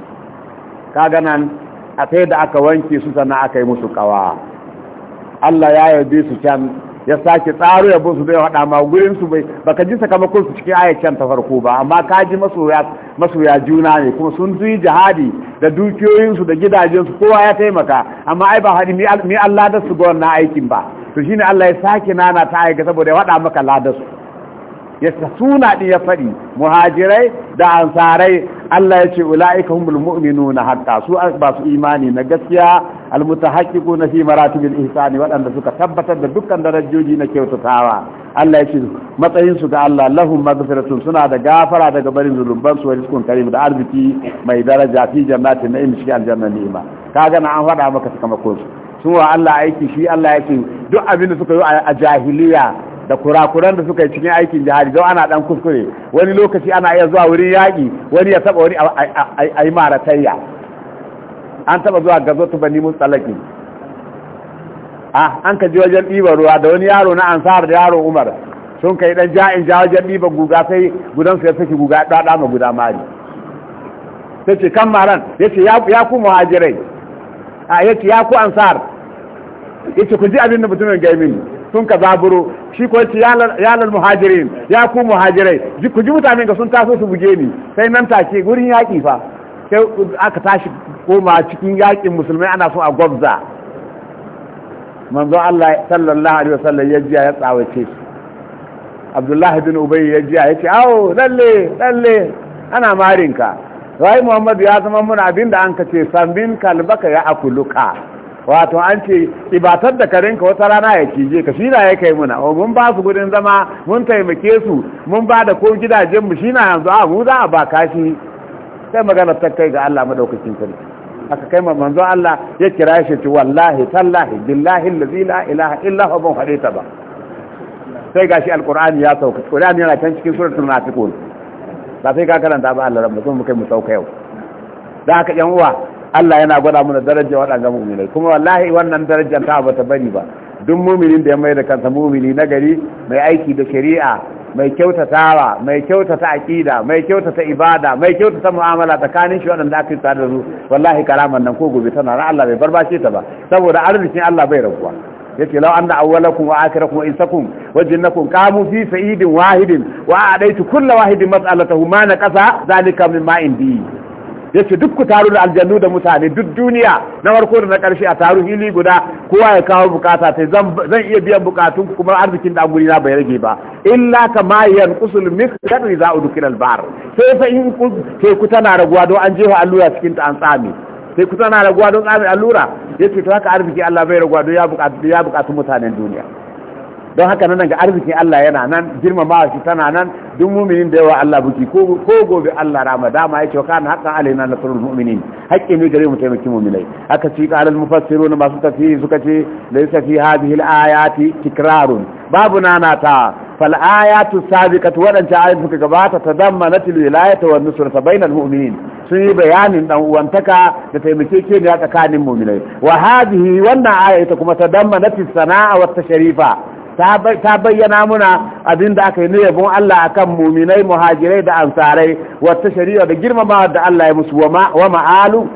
kaga nan a sai da aka wanke su sannan aka yi musu kawa Allah ya yaudi su can ya sake tsaro ya su bai haɗa ma gurin su bai baka ji sakamakon su cikin ayyukan ta farko ba amma ka ji masoya juna ne kuma sun yi jihadi da dukiyoyinsu da gidajensu kowa ya taimaka amma ai ba haɗi mi Allah da su ga wannan aikin ba to shine Allah ya sake nana ta aika saboda ya haɗa maka ladarsu ya suna ya faɗi muhajirai da ansarai Allah ya ce ula'ika humul mu'minuna hatta su ba su imani na gaskiya na fi maratibil ihsani waɗanda suka tabbatar da dukkan darajoji na kyautatawa Allah ya ce matsayin ga Allah lahum maghfiratun suna da gafara daga barin zulubban su wa rizqun karim da arziki mai daraja fi jannatin na shi aljanna ni'ima kaga na an faɗa maka sakamakon su sun wa Allah aiki shi Allah ya ce duk abin da suka yi a jahiliya da kurakuran da suka yi cikin aikin jihadi don ana dan kuskure wani lokaci ana iya zuwa wurin yaƙi wani ya taɓa wani a yi maratayya an taɓa zuwa gazo ta bani mutsalaki an ka ji wajen ɗiba ruwa da wani yaro na ansar da yaro umar sun kai dan ja'in ja wajen ɗiba guga sai gudansu ya saki guga ɗaɗa ma guda mari sai ce kan maran ya ce ya ku muhajirai a ya ce ya ku ansar ya ce ku ji abin da mutumin gaimini sun ka zaburo shi ko yace ya lal muhajirin ya ku muhajirai ku ji mutane ka sun taso su buge ni sai nan take gurin yaƙi fa sai aka tashi koma cikin yakin musulmai ana so a gwabza manzo Allah sallallahu alaihi wasallam ya jiya ya tsawace shi Abdullahi bin Ubay ya jiya ya ce awo lalle lalle ana marinka wai Muhammad ya zama muna abinda an kace sambin kalbaka ya akuluka wato an ce ibatar da karenka wata rana ya cije ka shi na ya kai muna o oh, mun ba su gudun zama mun taimake su mun ba da ko gidajenmu shi na yanzu a ah, mu za a ba kashi sai magana ta kai ga Allah madaukakin sarki aka kai manzo Allah ya kira shi ci wallahi tallahi billahi allazi la ilaha illa huwa muhadita ta ba sai gashi alqur'ani ya sauka qur'ani yana kan cikin suratul munafiqun ba sai ka karanta ba Allah mu kai mu sauka yau da haka yan uwa Allah yana gwada mana darajar waɗanda mu'minai kuma wallahi wannan darajar ta bata bari ba duk muminin da ya mai da kansa mumini na gari mai aiki da shari'a mai kyautatawa mai kyautata aqida mai kyautata ibada mai kyautata mu'amala tsakanin shi waɗanda aka tare da su wallahi kalaman nan ko gobe tana ran Allah bai barbace ta ba saboda arzikin Allah bai raguwa yace law anna awwalakum wa akhirakum wa insakum wa jinnakum qamu fi sa'idin wahidin wa a'daitu kullu wahidin mas'alatahu ma naqasa zalika mimma indi yace duk ku taru da aljannu da mutane duk duniya na farko da na karshe a taru hili guda kowa ya kawo bukata sai zan iya biyan bukatun kuma arzikin da guri na bai rage ba illa kama yanqusul miqdar za udkhila dukin albar sai fa in ku tana raguwa don an jefa allura cikin ta an tsami sai ku tana raguwa don tsamin allura yace to haka arziki Allah bai raguwa don ya bukatu ya bukatu mutanen duniya don haka nan ga arzikin Allah yana nan girmama shi tana nan duk mu'minin da yawa Allah buki ko gobe Allah rama dama yake wa kana haqqan alaina nasrul mu'minin haƙƙi ne gare mu taimaki mu'minai aka ci qala mufassiru na masu tafsiri suka ce laysa fi hadhihi al ayati tikrarun babu nanata fal ayatu sabiqatu wadanta ayatu suka gabata tadammanat al wilayata wan nusrata bainal mu'minin sun yi bayanin dan uwantaka da taimakekeniya tsakanin mu'minai wa hadhihi wannan ayatu kuma tadammanat as sana'a wat sharifa ta bayyana muna abin da aka yi na yabon Allah akan muminai muhajirai da ansarai wata shari'a da girmamawa da Allah ya musu wa ma'alu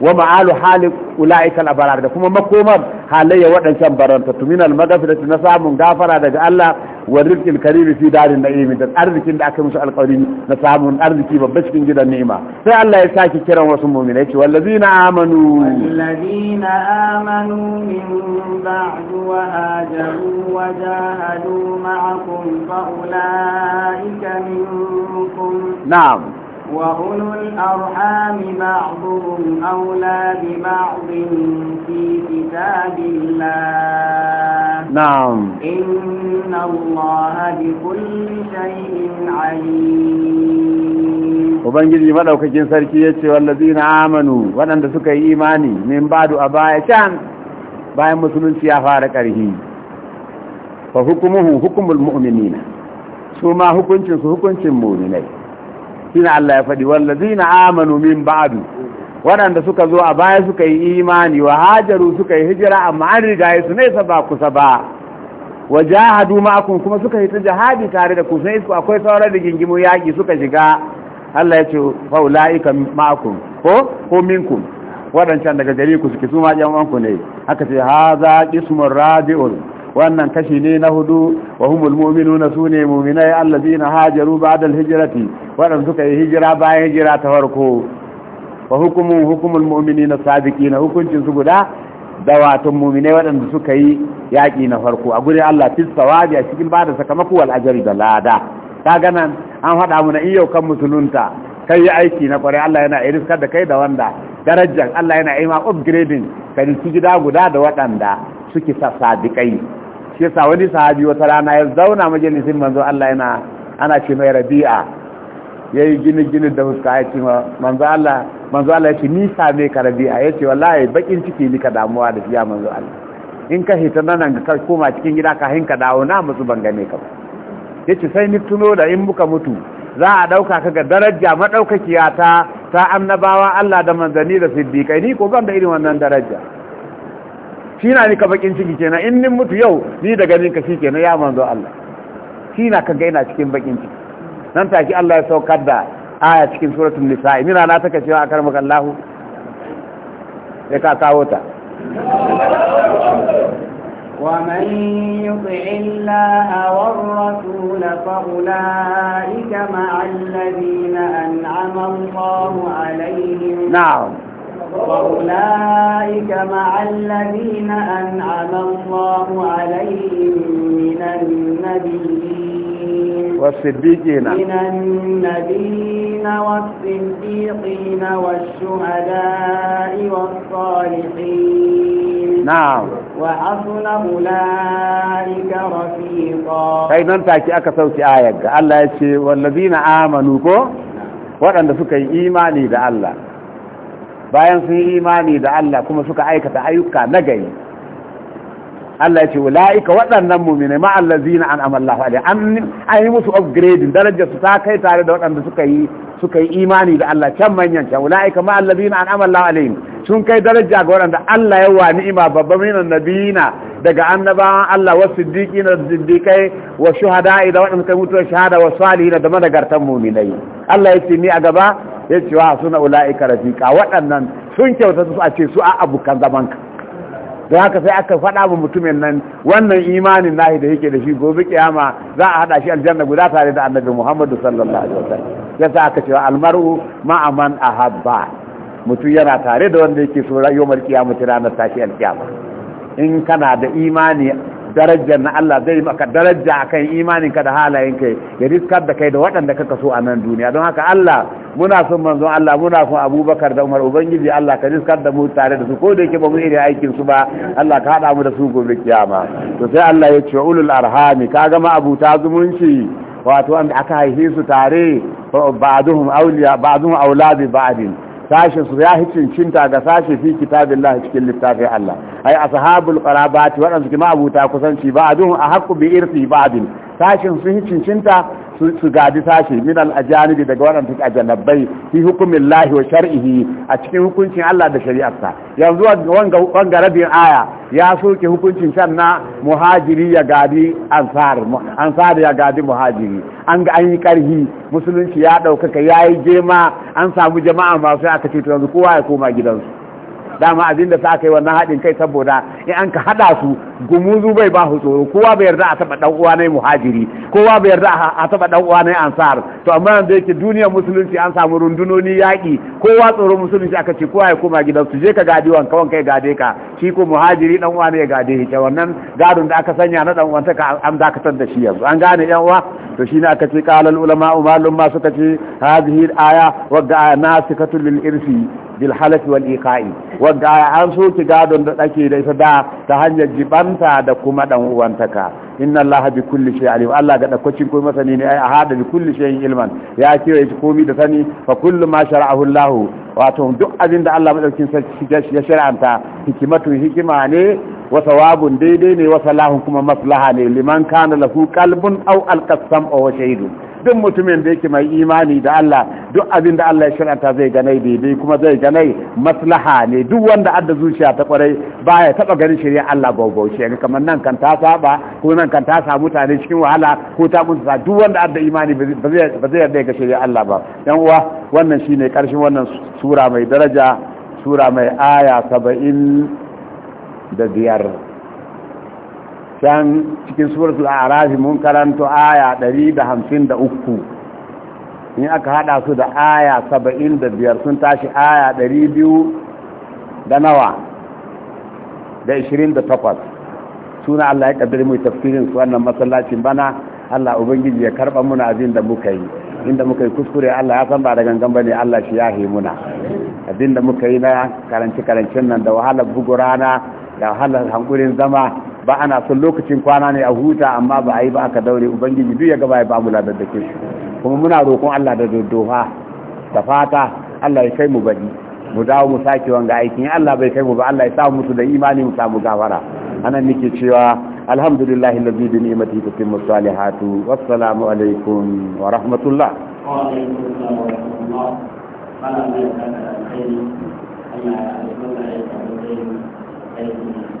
wa ma'alu hali ula'ikal abarar da kuma makomar halayya waɗancan barantattu min al-maghfirati na samun gafara daga Allah wa rizqil karim fi darin na'im da arzikin da aka musu alƙawari na samun arziki babba cikin gidan ni'ima sai Allah ya saki kiran wasu muminai. yace wallazina amanu wallazina amanu min ba'du wa hajaru wa jahadu ma'akum fa ulaika minkum na'am وأولو الأرحام بعضهم أولى ببعض في كتاب الله نعم إن الله بكل شيء عليم Ubangiji maɗaukakin sarki ya ce wallazi na amanu waɗanda suka yi imani min badu a baya can bayan musulunci ya fara ƙarfi. fa hukumuhu hukumul mu'minina su ma hukuncinsu hukuncin mu'minai shine Allah ya faɗi wallazina amanu min ba'du waɗanda suka zo a baya suka yi imani wa hajaru suka yi hijira amma an riga su sa ba kusa ba wajahadu jahadu ma'akum kuma suka yi ta jihadi tare da ku sai su akwai sauran da yaki yaƙi suka shiga Allah ya ce fa ulaika ma'akum ko ko minkum waɗancan daga gare ku suke su ma ƴan uwanku ne aka ce haza qismur rabi'un wannan kashi ne na hudu wa humul mu'minuna sune mu'minai allazina hajaru ba'da al-hijrati wadan suka yi hijira bayan hijira ta farko wa hukumu hukumul mu'minina sabiqina hukuncin su guda da watan mu'minai wadanda suka yi yaki na farko a gurin Allah fi sawabi a cikin bada sakamako wal ajri da lada kaga nan an hada mu na iyo kan musulunta kai yi aiki na kware Allah yana iriskar da kai da wanda darajar Allah yana ima upgrading kan ji gida guda da waɗanda suke sa sadiƙai shi yasa wani sahabi wata rana ya zauna majalisin manzo Allah yana ana ce mai rabi'a yayi gini gini da huska ya ce manzo Allah manzo Allah ya ce ni same ka rabi'a ya ce wallahi bakin ciki ni ka damuwa da fiya manzo Allah in ka hita nan ka koma cikin gida ka hinka dawo na musu ban gane ka ya ce sai ni tuno da in muka mutu za a dauka ka ga daraja madaukakiya ta ta annabawa Allah da manzanni da siddiqai ni ko ban da irin wannan daraja shi na ni ka bakin ciki kenan in ni mutu yau ni da ganin ka shi kenan ya manzo Allah shi na ka gaina cikin bakin ciki nan take Allah ya saukar da aya cikin suratul nisa mina na take cewa akar maka Allah sai ka kawo ta ومن يطع الله والرسول فأولئك مع الذين أنعم الله عليهم نعم وأولئك مع الذين أنعم الله عليهم من النبيين والصديقين من النبيين والصديقين والشهداء والصالحين نعم وحسن أولئك رفيقا كيف ننتهي أكثر في آية الله يقول والذين آمنوا waɗanda suka yi imani da Allah bayan sun yi imani da Allah kuma suka aikata ayyuka na gari Allah ya ce wula'ika waɗannan mummina ma'allazina an amallahu alaihi an yi musu upgrading darajar su ta kai tare da waɗanda suka yi suka yi imani da Allah can manyan can ula'ika ma'allazina an amallahu alaihi sun kai daraja ga waɗanda Allah ya wa ni'ima babban minan nabiyina daga annabawan Allah wa siddiqina da siddiqai wa shuhada'i da waɗanda kai mutuwar shahada wa salihina da madagartan mu'minai Allah ya ce ni a gaba ya ce wa suna ula'ika rafika waɗannan sun kyauta su a ce su a abokan zaman don haka sai aka faɗa ba mutumin nan wannan imanin nahi da yake da shi gobe kiyama za a haɗa shi aljanna guda tare da annabi muhammadu sallallahu alaihi wasallam yasa aka cewa almar'u maaman man ahabba mutum yana tare da wanda yake so yawmar kiyama ranar tashi alkiyama in kana da imani darajar na Allah zai maka daraja a akan imaninka da halayenka ya riskar da kai da waɗanda kaka so a nan duniya don haka Allah muna son manzon Allah muna son Abubakar da Umar ubangiji Allah ka riskar da mu tare da su ko da yake ba mu iri aikin su ba Allah ka hada mu da su gobe kiyama to sai Allah ya ce ulul arhami ka ga ma abuta zumunci wato wanda aka haife su tare ba'duhum awliya ba'duhum auladi ba'din sashen su ya cincinta ga sashe fi kitabillahi cikin littafin Allah ai ashabul qarabati waɗansu kuma abuta kusanci ba adun a haqqu bi irsi ba'din sashin su cincinta su gadi sashi min al-ajanibi daga waɗanda suke ajanabai fi hukumin lahi wa shar'ihi a cikin hukuncin Allah da shari'arsa yanzu wanga rabin aya ya soke hukuncin shan na muhajiri ya gadi ansar ansar ya gadi muhajiri an ga an karhi musulunci ya ɗaukaka ya yi jema an samu jama'a masu aka ce to yanzu kowa ya koma gidansu dama abin da sa kai wannan haɗin kai saboda in an ka haɗa su gumuzu bai ba su tsoro kowa bai yarda a taɓa ɗan uwa muhajiri kowa bai yarda a taɓa ɗan uwa ansar to amma yanzu yake duniyar musulunci an samu rundunoni yaƙi kowa tsoro musulunci aka ce kowa ya koma su, je ka gadi wanka wanka ya gade ka shi ko muhajiri ɗan uwa ne ya gade shi wannan gadon da aka sanya na ɗan ka an dakatar da shi yanzu an gane yan uwa to shi ne aka ce ƙalal ulama umalun ma suka ce hadhihi aya wadda aya nasikatul irsi bil wal iqa'i wanda an soki gadon da dake da ita da ta hanyar jibanta da kuma dan uwantaka inna allaha bi kulli shay alim allah ga dakwacin koyi masani ne ai ahada bi kulli shay ilman ya ya shi komai da sani fa kullu ma shara'ahu allah wato duk abin da allah madaukin sarki ya shar'anta hikimatu hikima ne wa sawabun daidai ne wa salahun kuma maslaha ne liman kana lahu qalbun aw alqasam aw shahidun duk mutumin da yake mai imani da Allah duk abin da Allah ya shiranta zai ganai daidai kuma zai ganai maslaha ne duk wanda adda zuciya ta kwarai baya taba ganin shari'a Allah shi ga kamar nan kan ta saba ko nan kan ta samu mutane cikin wahala ko ta sa, duk wanda adda imani ba zai yarda ga shari'a Allah ba yan uwa wannan shine karshen wannan sura mai daraja sura mai aya saba'in da biyar can cikin suratul arafi mun karanto aya 153 in aka hada su da aya 75 sun tashi aya 200 da nawa da 28 suna Allah ya kaddare mu tafsirin su wannan masallacin bana Allah ubangiji ya karba muna abin da muka yi inda muka yi kuskure Allah ya san ba da gangan bane Allah shi ya muna abin da muka yi na karance karancin nan da wahalar bugurana da wahalar hankulin zama ba ana son lokacin kwana ne a huta amma ba a yi ba aka daure ubangiji duk ya gaba ya bamu ladar da ke kuma muna roƙon Allah da doddoha da fata Allah ya kai mu bari mu dawo mu sake wanga aikin Allah bai kai mu ba Allah ya sa mu da imani mu samu gawara anan nake cewa alhamdulillahi allazi bi ni'mati tutimmu salihatu wassalamu alaikum wa rahmatullah wa alaikum assalam wa rahmatullah Allah ya saka alheri Allah ya albarka ya saka alheri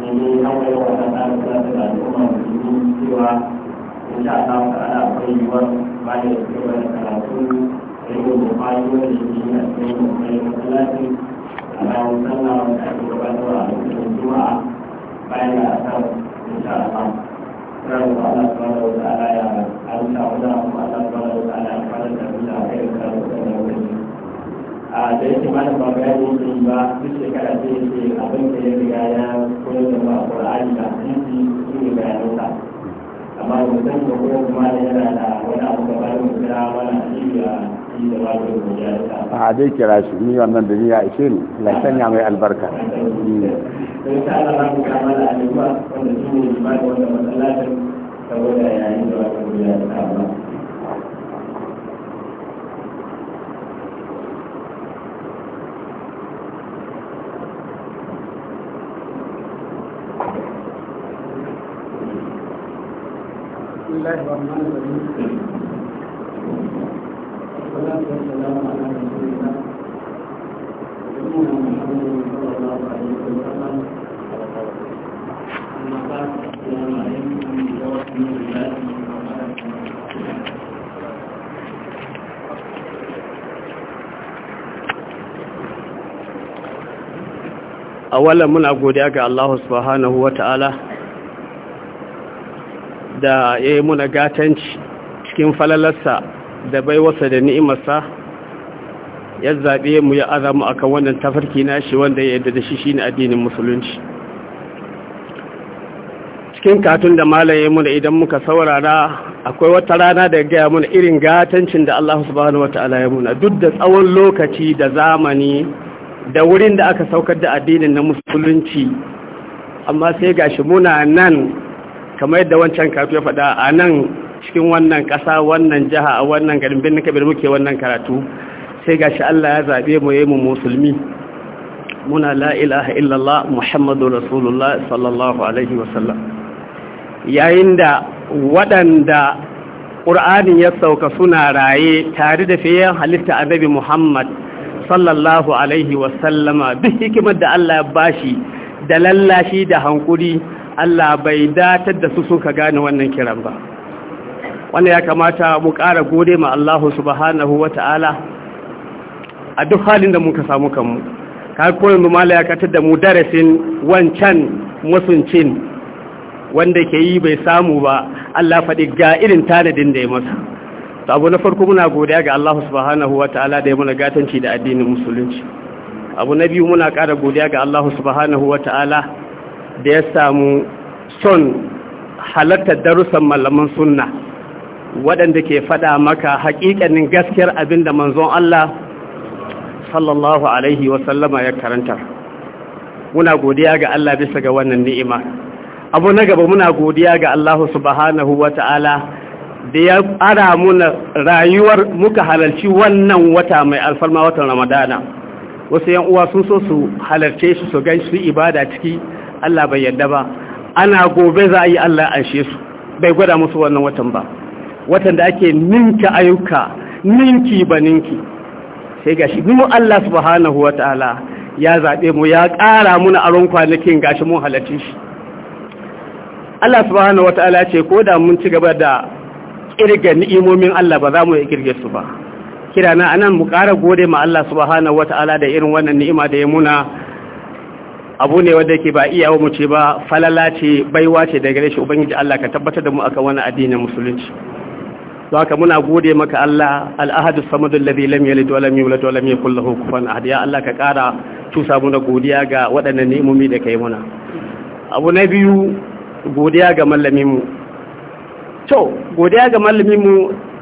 sai dai an kai wannan tsarin da al'umma musulmi cewa in sha Allah ta'ala akwai yiwuwar ba da yake wani karatu da yau da kwayo da shi a cikin mutane masallaci a bayan sallah wanda ake gabatarwa a lokacin juma'a bayan da asar in sha Allah Kirawo Allah subhanahu wa ta'ala ya alta wa Allah subhanahu wa ta'ala ya fara da Allah kai da karamu da wani a da yake malam ba ga yi ba duk shekara yake abin da ya riga ya koyar da ba da hadisi su ne amma da mutum da kuma kuma da yana da wani abu da bayan kira wani ba da a kira shi ni wannan da ya ishe ni sanya mai albarka ba da saboda الله الرحمن muna godiya ga Allah subhanahu wa ta'ala da ya yi muna gatanci cikin falalarsa da baiwarsa da ni'imarsa ya zaɓe mu ya azamu a kan wannan tafarki nashi wanda ya yadda da shi shi ne addinin musulunci cikin katun da ya yi muna idan muka saurara akwai wata rana da gaya muna irin gatancin da Allah subhanahu ala ya muna duk da tsawon lokaci da zamani da wurin da aka saukar da addinin na musulunci amma sai gashi muna nan kamar yadda wancan karatu ya faɗa a nan cikin wannan ƙasa wannan jiha a wannan garin birnin kabir muke wannan karatu sai gashi Allah ya zaɓe mu yi mu musulmi muna la ilaha illallah muhammadu rasulullah sallallahu alaihi wasallam yayin da waɗanda ƙur'anin ya sauka suna raye tare da fiye halitta annabi muhammad sallallahu alaihi wasallama duk hikimar da Allah ya bashi da lallashi da hankuri Allah bai datar da su suka gane wannan kiran ba wannan ya kamata mu ƙara gode ma Allah subhanahu ta'ala. a duk halin da muka samu kanmu ka koyon mala ya katar da mu darasin wancan musuncin wanda ke yi bai samu ba Allah faɗi ga irin tanadin da ya masa ta abu na farko muna godiya ga Allah subhanahu wa ta'ala da ya muna gatanci da addinin musulunci abu na biyu muna ƙara godiya ga Allah subhanahu wa ta'ala. da ya samu son halartar darussan malaman sunna waɗanda ke faɗa maka haƙiƙanin gaskiyar abin da manzon Allah sallallahu alaihi wasallama ya karanta muna godiya ga Allah bisa ga wannan ni'ima abu na gaba muna godiya ga Allah subhanahu wata'ala da ya ara muna rayuwar muka halarci wannan wata mai alfarma watan ramadana wasu yan uwa sun so su halarce shi su gan su ibada ciki Allah bai yarda ba ana gobe za a yi Allah anshe su bai gwada musu wannan watan ba watan da ake ninka ayyuka ninki ba ninki sai gashi mu Allah subhanahu wataala ya zaɓe mu ya ƙara muna aron kwanakin gashi mun halarci shi Allah subhanahu wataala ce ko da mun ci gaba da kirga ni'imomin Allah ba za mu yi kirge su ba kira na anan mu ƙara gode ma Allah subhanahu wataala da irin wannan ni'ima da ya muna abu ne wanda yake ba iyawa mu ce ba falala ce baiwa ce daga shi ubangiji Allah ka tabbatar da mu akan wani addinin musulunci haka muna gode maka Allah al ahadus samad alladhi lam yalid wa lam yulad wa lam yakul lahu kufuwan ahad ya Allah ka kara tusa da godiya ga waɗannan ni'imomi da kai muna abu na biyu godiya ga mallamin mu to godiya ga mallamin mu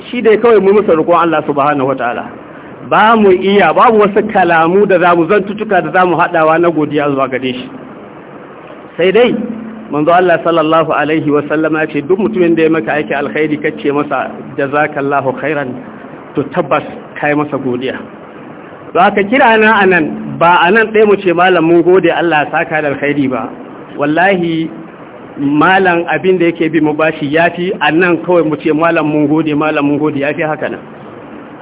shi dai kawai mu musa roƙon Allah subhanahu wataala ba mu iya babu wasu kalamu da za mu zantuttuka da za mu haɗawa na godiya zuwa gare shi sai dai manzo Allah sallallahu alaihi wasallam ya ce duk mutumin da ya maka aiki alkhairi kace masa jazakallahu khairan to tabbas kai masa godiya to ka kira na anan ba anan ɗaya mu ce malam mun gode Allah saka da alkhairi ba wallahi malam abin da yake bi mu bashi yafi anan kawai mu ce malam mun gode malam mun gode yafi haka nan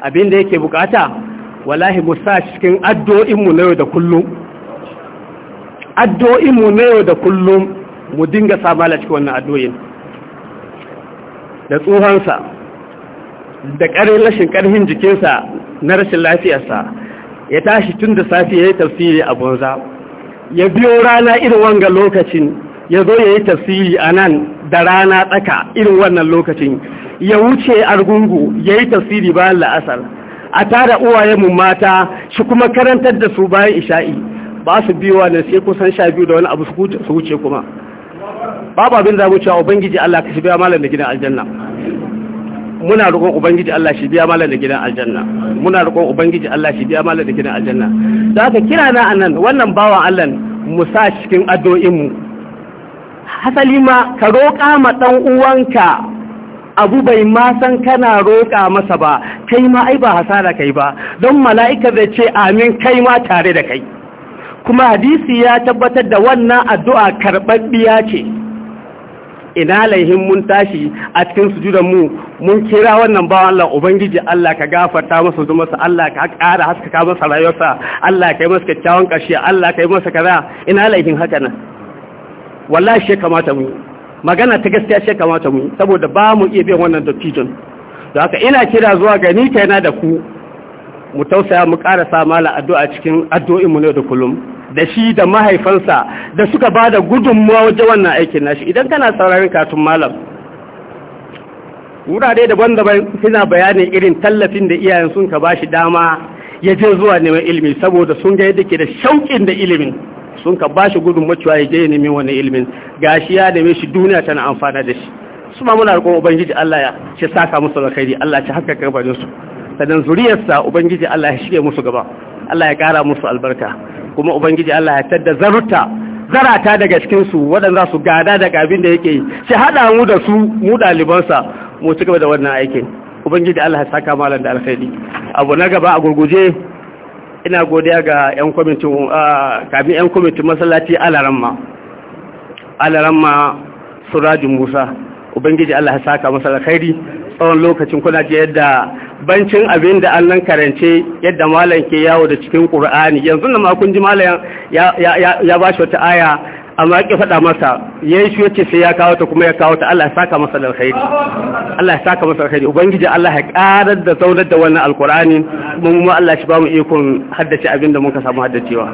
abin da yake bukata wallahi mu sa cikin addu'o'inmu na yau da kullum addu'o'inmu na yau da kullum mu dinga samala cikin wannan addu'o'in da sa, da karin rashin ƙarfin jikinsa na rashin lafiyarsa ya tashi tun da safiya ya yi tafsiri a banza ya biyo rana irin wanga lokacin ya zo ya yi tafsiri a nan da rana tsaka irin wannan lokacin ya wuce argungu ya yi tafsiri bayan la'asar a tara uwayenmu mata shi kuma karantar da su bayan isha'i ba su biyuwa ne sai kusan sha biyu da wani abu su wuce kuma babu abin zamu cewa ubangiji Allah ka shi biya malam da gidan aljanna muna roƙon ubangiji Allah shi biya malam da gidan aljanna muna roƙon ubangiji Allah shi biya malam da gidan aljanna da haka kira na anan wannan bawan Allah mu sa cikin addu'o'in mu hasali ma ka roƙa ma ɗan uwanka abu bai ma san kana roƙa masa ba kai ma ai ba hasara kai ba don mala'ika zai ce amin kai ma tare da kai kuma hadisi ya tabbatar da wannan addu'a karɓaɓɓiya ce ina laihin mun tashi a cikin sujudan mu mun kira wannan bawan Allah ubangiji Allah ka gafarta masa zuma masa Allah ka ƙara haskaka masa rayuwarsa Allah ka yi masa kyakkyawan ƙashi Allah ka yi masa kaza ina laihin haka nan wallahi shi kamata mu magana ta gaskiya shi kamata mu saboda ba mu iya biyan wannan dattijon da haka ina kira zuwa ga ni yana da ku mu tausaya mu karasa mala addu'a cikin addu'o'in mu ne da kullum da shi da mahaifansa da suka ba da gudunmuwa wajen wannan aikin nashi idan kana sauraron katun malam wurare daban-daban suna bayanin irin tallafin da iyayen sun ka bashi dama ya je zuwa neman ilimi saboda sun ga yadda ke da shauƙin da ilimin sun ka ba shi gudun macewa ya je nemi wani ilimin gashi ya neme shi duniya tana amfana da shi su ma muna roƙon ubangiji Allah ya ce saka musu alkhairi Allah ya haka karbarin su sannan zuriyarsa ubangiji Allah ya shige musu gaba Allah ya ƙara musu albarka kuma ubangiji Allah ya tadda zaruta zarata daga cikin su waɗanda su gada daga abin da yake yi sai hada mu da su mu dalibansa, mu ci da wannan aikin ubangiji Allah ya saka malam da alkhairi abu na gaba a gurguje ina godiya ga 'yan kwamitin kafin 'yan kwamitin masallaci alaramma alaramma surajin musa ubangiji allah ya saka masa alkhairi tsawon lokacin kuna ji yadda bancin abin da allon karance yadda malam ke yawo da cikin ƙur'ani yanzu na makon ji malam ya ba shi wata aya amma yake faɗa masa ya yi sai ya kawo ta kuma ya kawo ta Allah ya saka masa alkhairi Allah ya saka masa alkhairi ubangiji Allah ya karar da zaunar da wannan alkur'ani kuma mu Allah shi ba mu ikon haddace abinda da muka samu haddacewa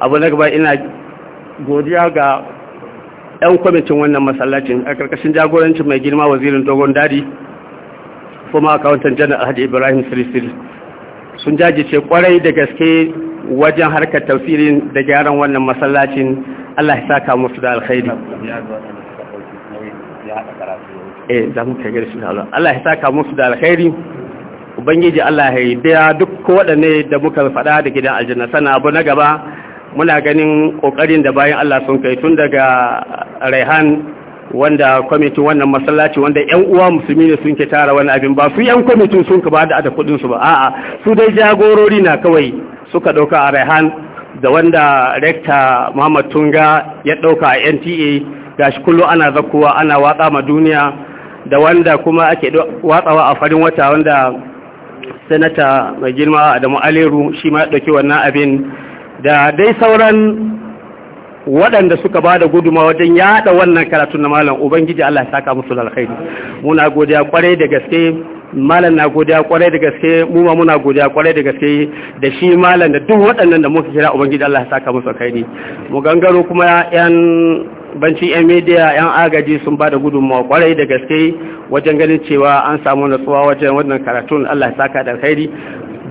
abu na gaba ina godiya ga ɗan kwamitin wannan masallacin a karkashin jagorancin mai girma wazirin dogon dadi kuma akawuntan janar alhaji ibrahim sirisiri sun jajice kwarai da gaske wajen harkar tafsirin da gyaran wannan masallacin Allah ya saka musu da alkhairi eh za mu kai shi Allah Allah ya saka musu da alkhairi ubangiji Allah ya biya duk ko waɗanne da muka faɗa da gidan aljanna sana abu na gaba muna ganin kokarin da bayan Allah sun kai tun daga Raihan wanda kwamitin wannan masallaci wanda ƴan uwa musulmi ne sun ke tara wani abin ba su ƴan kwamitin sun ka ba da kudin su ba a'a su dai jagorori na kawai suka dauka a Raihan da wanda rekta muhammad tunga ya ɗauka a nta ga shi kullum ana zakuwa ana watsa ma duniya da wanda kuma ake watsawa a farin wata wanda sanata mai girma da Aliru shi ma ɗauki wannan abin da dai sauran waɗanda suka ba da guduma wajen yaɗa wannan karatun na malam ubangiji allah ya saka musu alkhairi muna godiya kwarai da gaske malam na godiya kwarai da gaske mu ma muna godiya kwarai da gaske da shi malam da duk waɗannan da muka kira ubangiji Allah ya saka musu kai ne mu gangaro kuma yan banci yan media yan agaji sun ba da gudunmawa kwarai da gaske wajen ganin cewa an samu natsuwa wajen wannan karatun Allah ya saka da alkhairi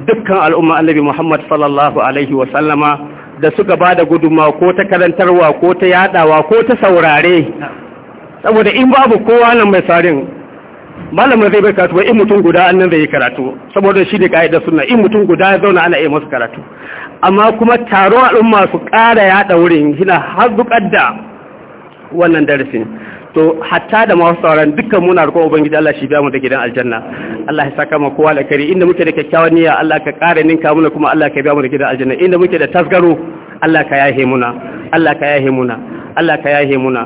dukkan al'umma annabi Muhammad sallallahu alaihi wa sallama da suka ba da gudunmawa ko ta karantarwa ko ta yadawa ko ta saurare saboda in babu kowa nan mai sarin malamin zai bai karatu in mutum guda annan zai yi karatu saboda shi ne ka'idar suna in mutum guda ya zauna ana iya masu karatu amma kuma a al'umma su ƙara yaɗa wurin hina har zukar da wannan darasin to hatta da masu sauran dukkan muna roƙon ubangiji Allah shi biya mu da gidan aljanna Allah ya saka mu kowa da kare inda muke da kyakkyawan niyya Allah ka ƙara ninka muna kuma Allah ka biya mu da gidan aljanna inda muke da tasgaro Allah ka yahe muna Allah ka yahe muna Allah ka yahe muna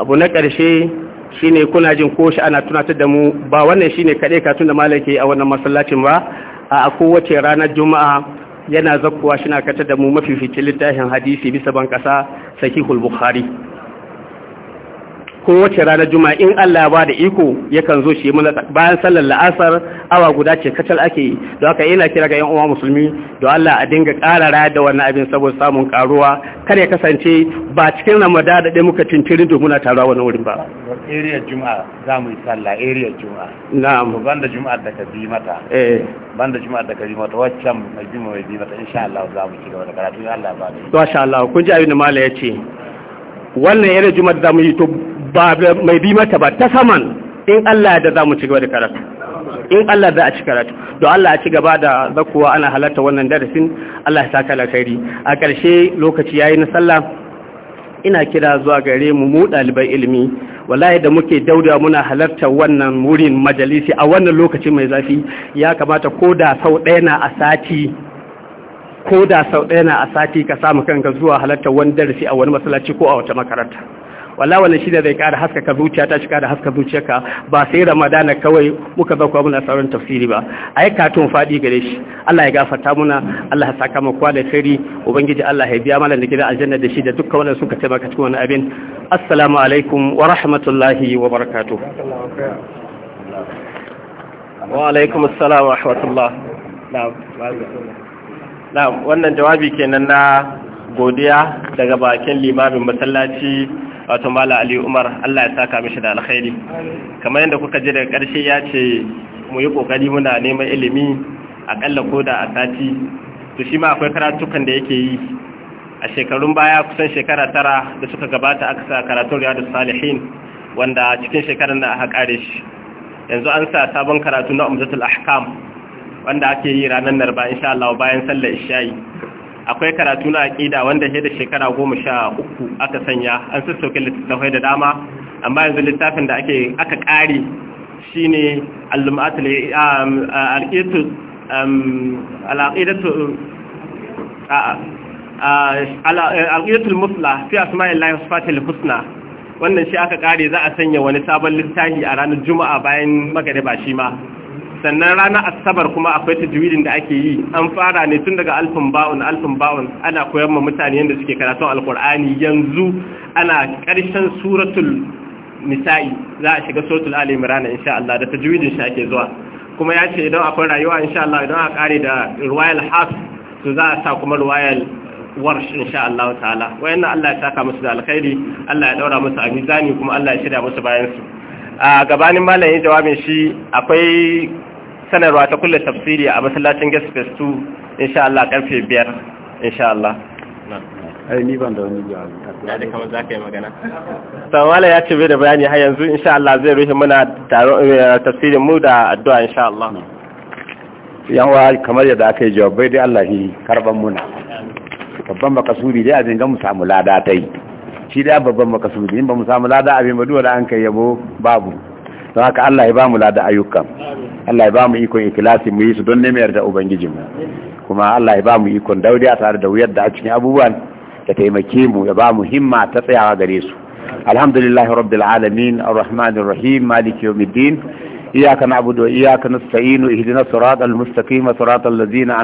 abu na ƙarshe shine kuna jin ko shi ana tunatar da mu ba wannan shine kaɗai katun da malam ke a wannan masallacin ba a kowace ranar juma'a yana zakkuwa shi na katar da mu mafi mafificin littafin hadisi bisa ban kasa sahihul bukhari Ko wace ranar juma'a in Allah ba da iko yakan zo shi mana bayan sallar la'asar awa guda ce kacal ake yi don haka yana kira ga yan uwa musulmi don Allah a dinga ƙara da wannan abin saboda samun karuwa kar ya kasance ba cikin ramada da ɗaya muka tintirin da muna taruwa wani wurin ba area juma'a za mu yi sallah area juma'a na'am banda juma'a da ka bi mata eh banda juma'a da ka bi mata waccan mai bi mai bi mata insha Allah za mu ci gaba da karatu Allah ba da to insha Allah kun ji abin da mala ce. wannan yana jumar da mu yi to ba mai bi mata ba ta saman in Allah da za mu ci gaba da karatu in Allah za a ci karatu To Allah a ci gaba da zakuwa ana halarta wannan darasin Allah ya saka alkhairi a ƙarshe lokaci yayi na sallah ina kira zuwa gare mu mu ɗalibai ilimi wallahi da muke daudawa muna halarta wannan wurin majalisi a wannan lokaci mai zafi ya kamata koda sau ɗaya na a sati ko da sau ɗaya na a sati ka samu kanka zuwa halarta wani darasi a wani masallaci ko a wata makaranta wala wani shi da zai kara haska ka zuciya ta shiga da haska zuciyarka ba sai ramadana kawai muka zaku muna sauran tafsiri ba a yi katon faɗi gare shi Allah ya gafarta muna Allah ya saka mu kwale sirri ubangiji Allah ya biya mana da gidan aljanna da shi da dukkan wanda suka taimaka cikin wani abin assalamu alaikum wa rahmatullahi wa barakatu wa alaikum wa rahmatullah na wannan jawabi kenan na godiya daga bakin limamin masallaci wato mala ali umar allah ya saka mishi da alkhairi kamar yadda kuka ji daga ƙarshe ya ce mu yi ƙoƙari muna neman ilimi aƙalla ko da a sati to shi ma akwai karatukan da yake yi a shekarun baya kusan shekara tara da suka gabata aka sa karatun riyadu salihin wanda cikin shekarar da aka kare shi yanzu an sa sabon karatu na umzatul ahkam wanda ake yi ranar narba insha Allah bayan sallar isha'i akwai karatu na aqida wanda he da shekara 13 aka sanya an sassauke littafai da dama amma yanzu littafin da ake aka kare shine al-lumatul al-aqidatu um, al-aqidatu um, al-aqidatul musla fi Asma'il, wa sifatil husna wannan shi aka kare za a sanya wani sabon littafi a ranar juma'a bayan magariba shi ma sannan ranar asabar kuma akwai tajwidin da ake yi an fara ne tun daga alfin ba'un alfin ba'un ana koyar ma mutane yadda suke karatun alkur'ani yanzu ana karshen suratul nisa'i za a shiga suratul ali imrana insha Allah da tajwidin shi ake zuwa kuma ya ce idan akwai rayuwa insha Allah idan aka kare da ruwayal haf to za a sa kuma ruwayal warsh insha Allah ta'ala wayanna Allah ya saka musu da alkhairi Allah ya daura musu amizani kuma Allah ya shirya musu bayan su a gabanin malamin jawabin shi akwai sanarwa ta kulle tafsiri a masallacin space 2 insha Allah karfe 5 insha Allah ai ni ban da wani jawabi da kamar za yi magana tawala ya ce bai da bayani har yanzu insha Allah zai rufe muna eh, tafsirin mu da addu'a insha Allah yawa kamar yadda aka yi jawabai dai Allah shi karban muna babban makasudi dai abin ga mu samu lada ta yi shi dai babban makasudi in ba mu samu lada abin ba duwa da an kai yabo babu don haka Allah ya bamu lada ayyukan Allah ya bamu ikon ikilasi mu yi su don nemayar da ubangijinmu kuma Allah ya bamu ikon daudi a tare da wuyar da a cikin abubuwan da taimake mu ya bamu himma ta tsayawa gare su alhamdulillahi rabbil alamin arrahmanir rahim maliki yawmiddin iyyaka na'budu wa iyyaka nasta'inu ihdinas siratal mustaqim siratal ladzina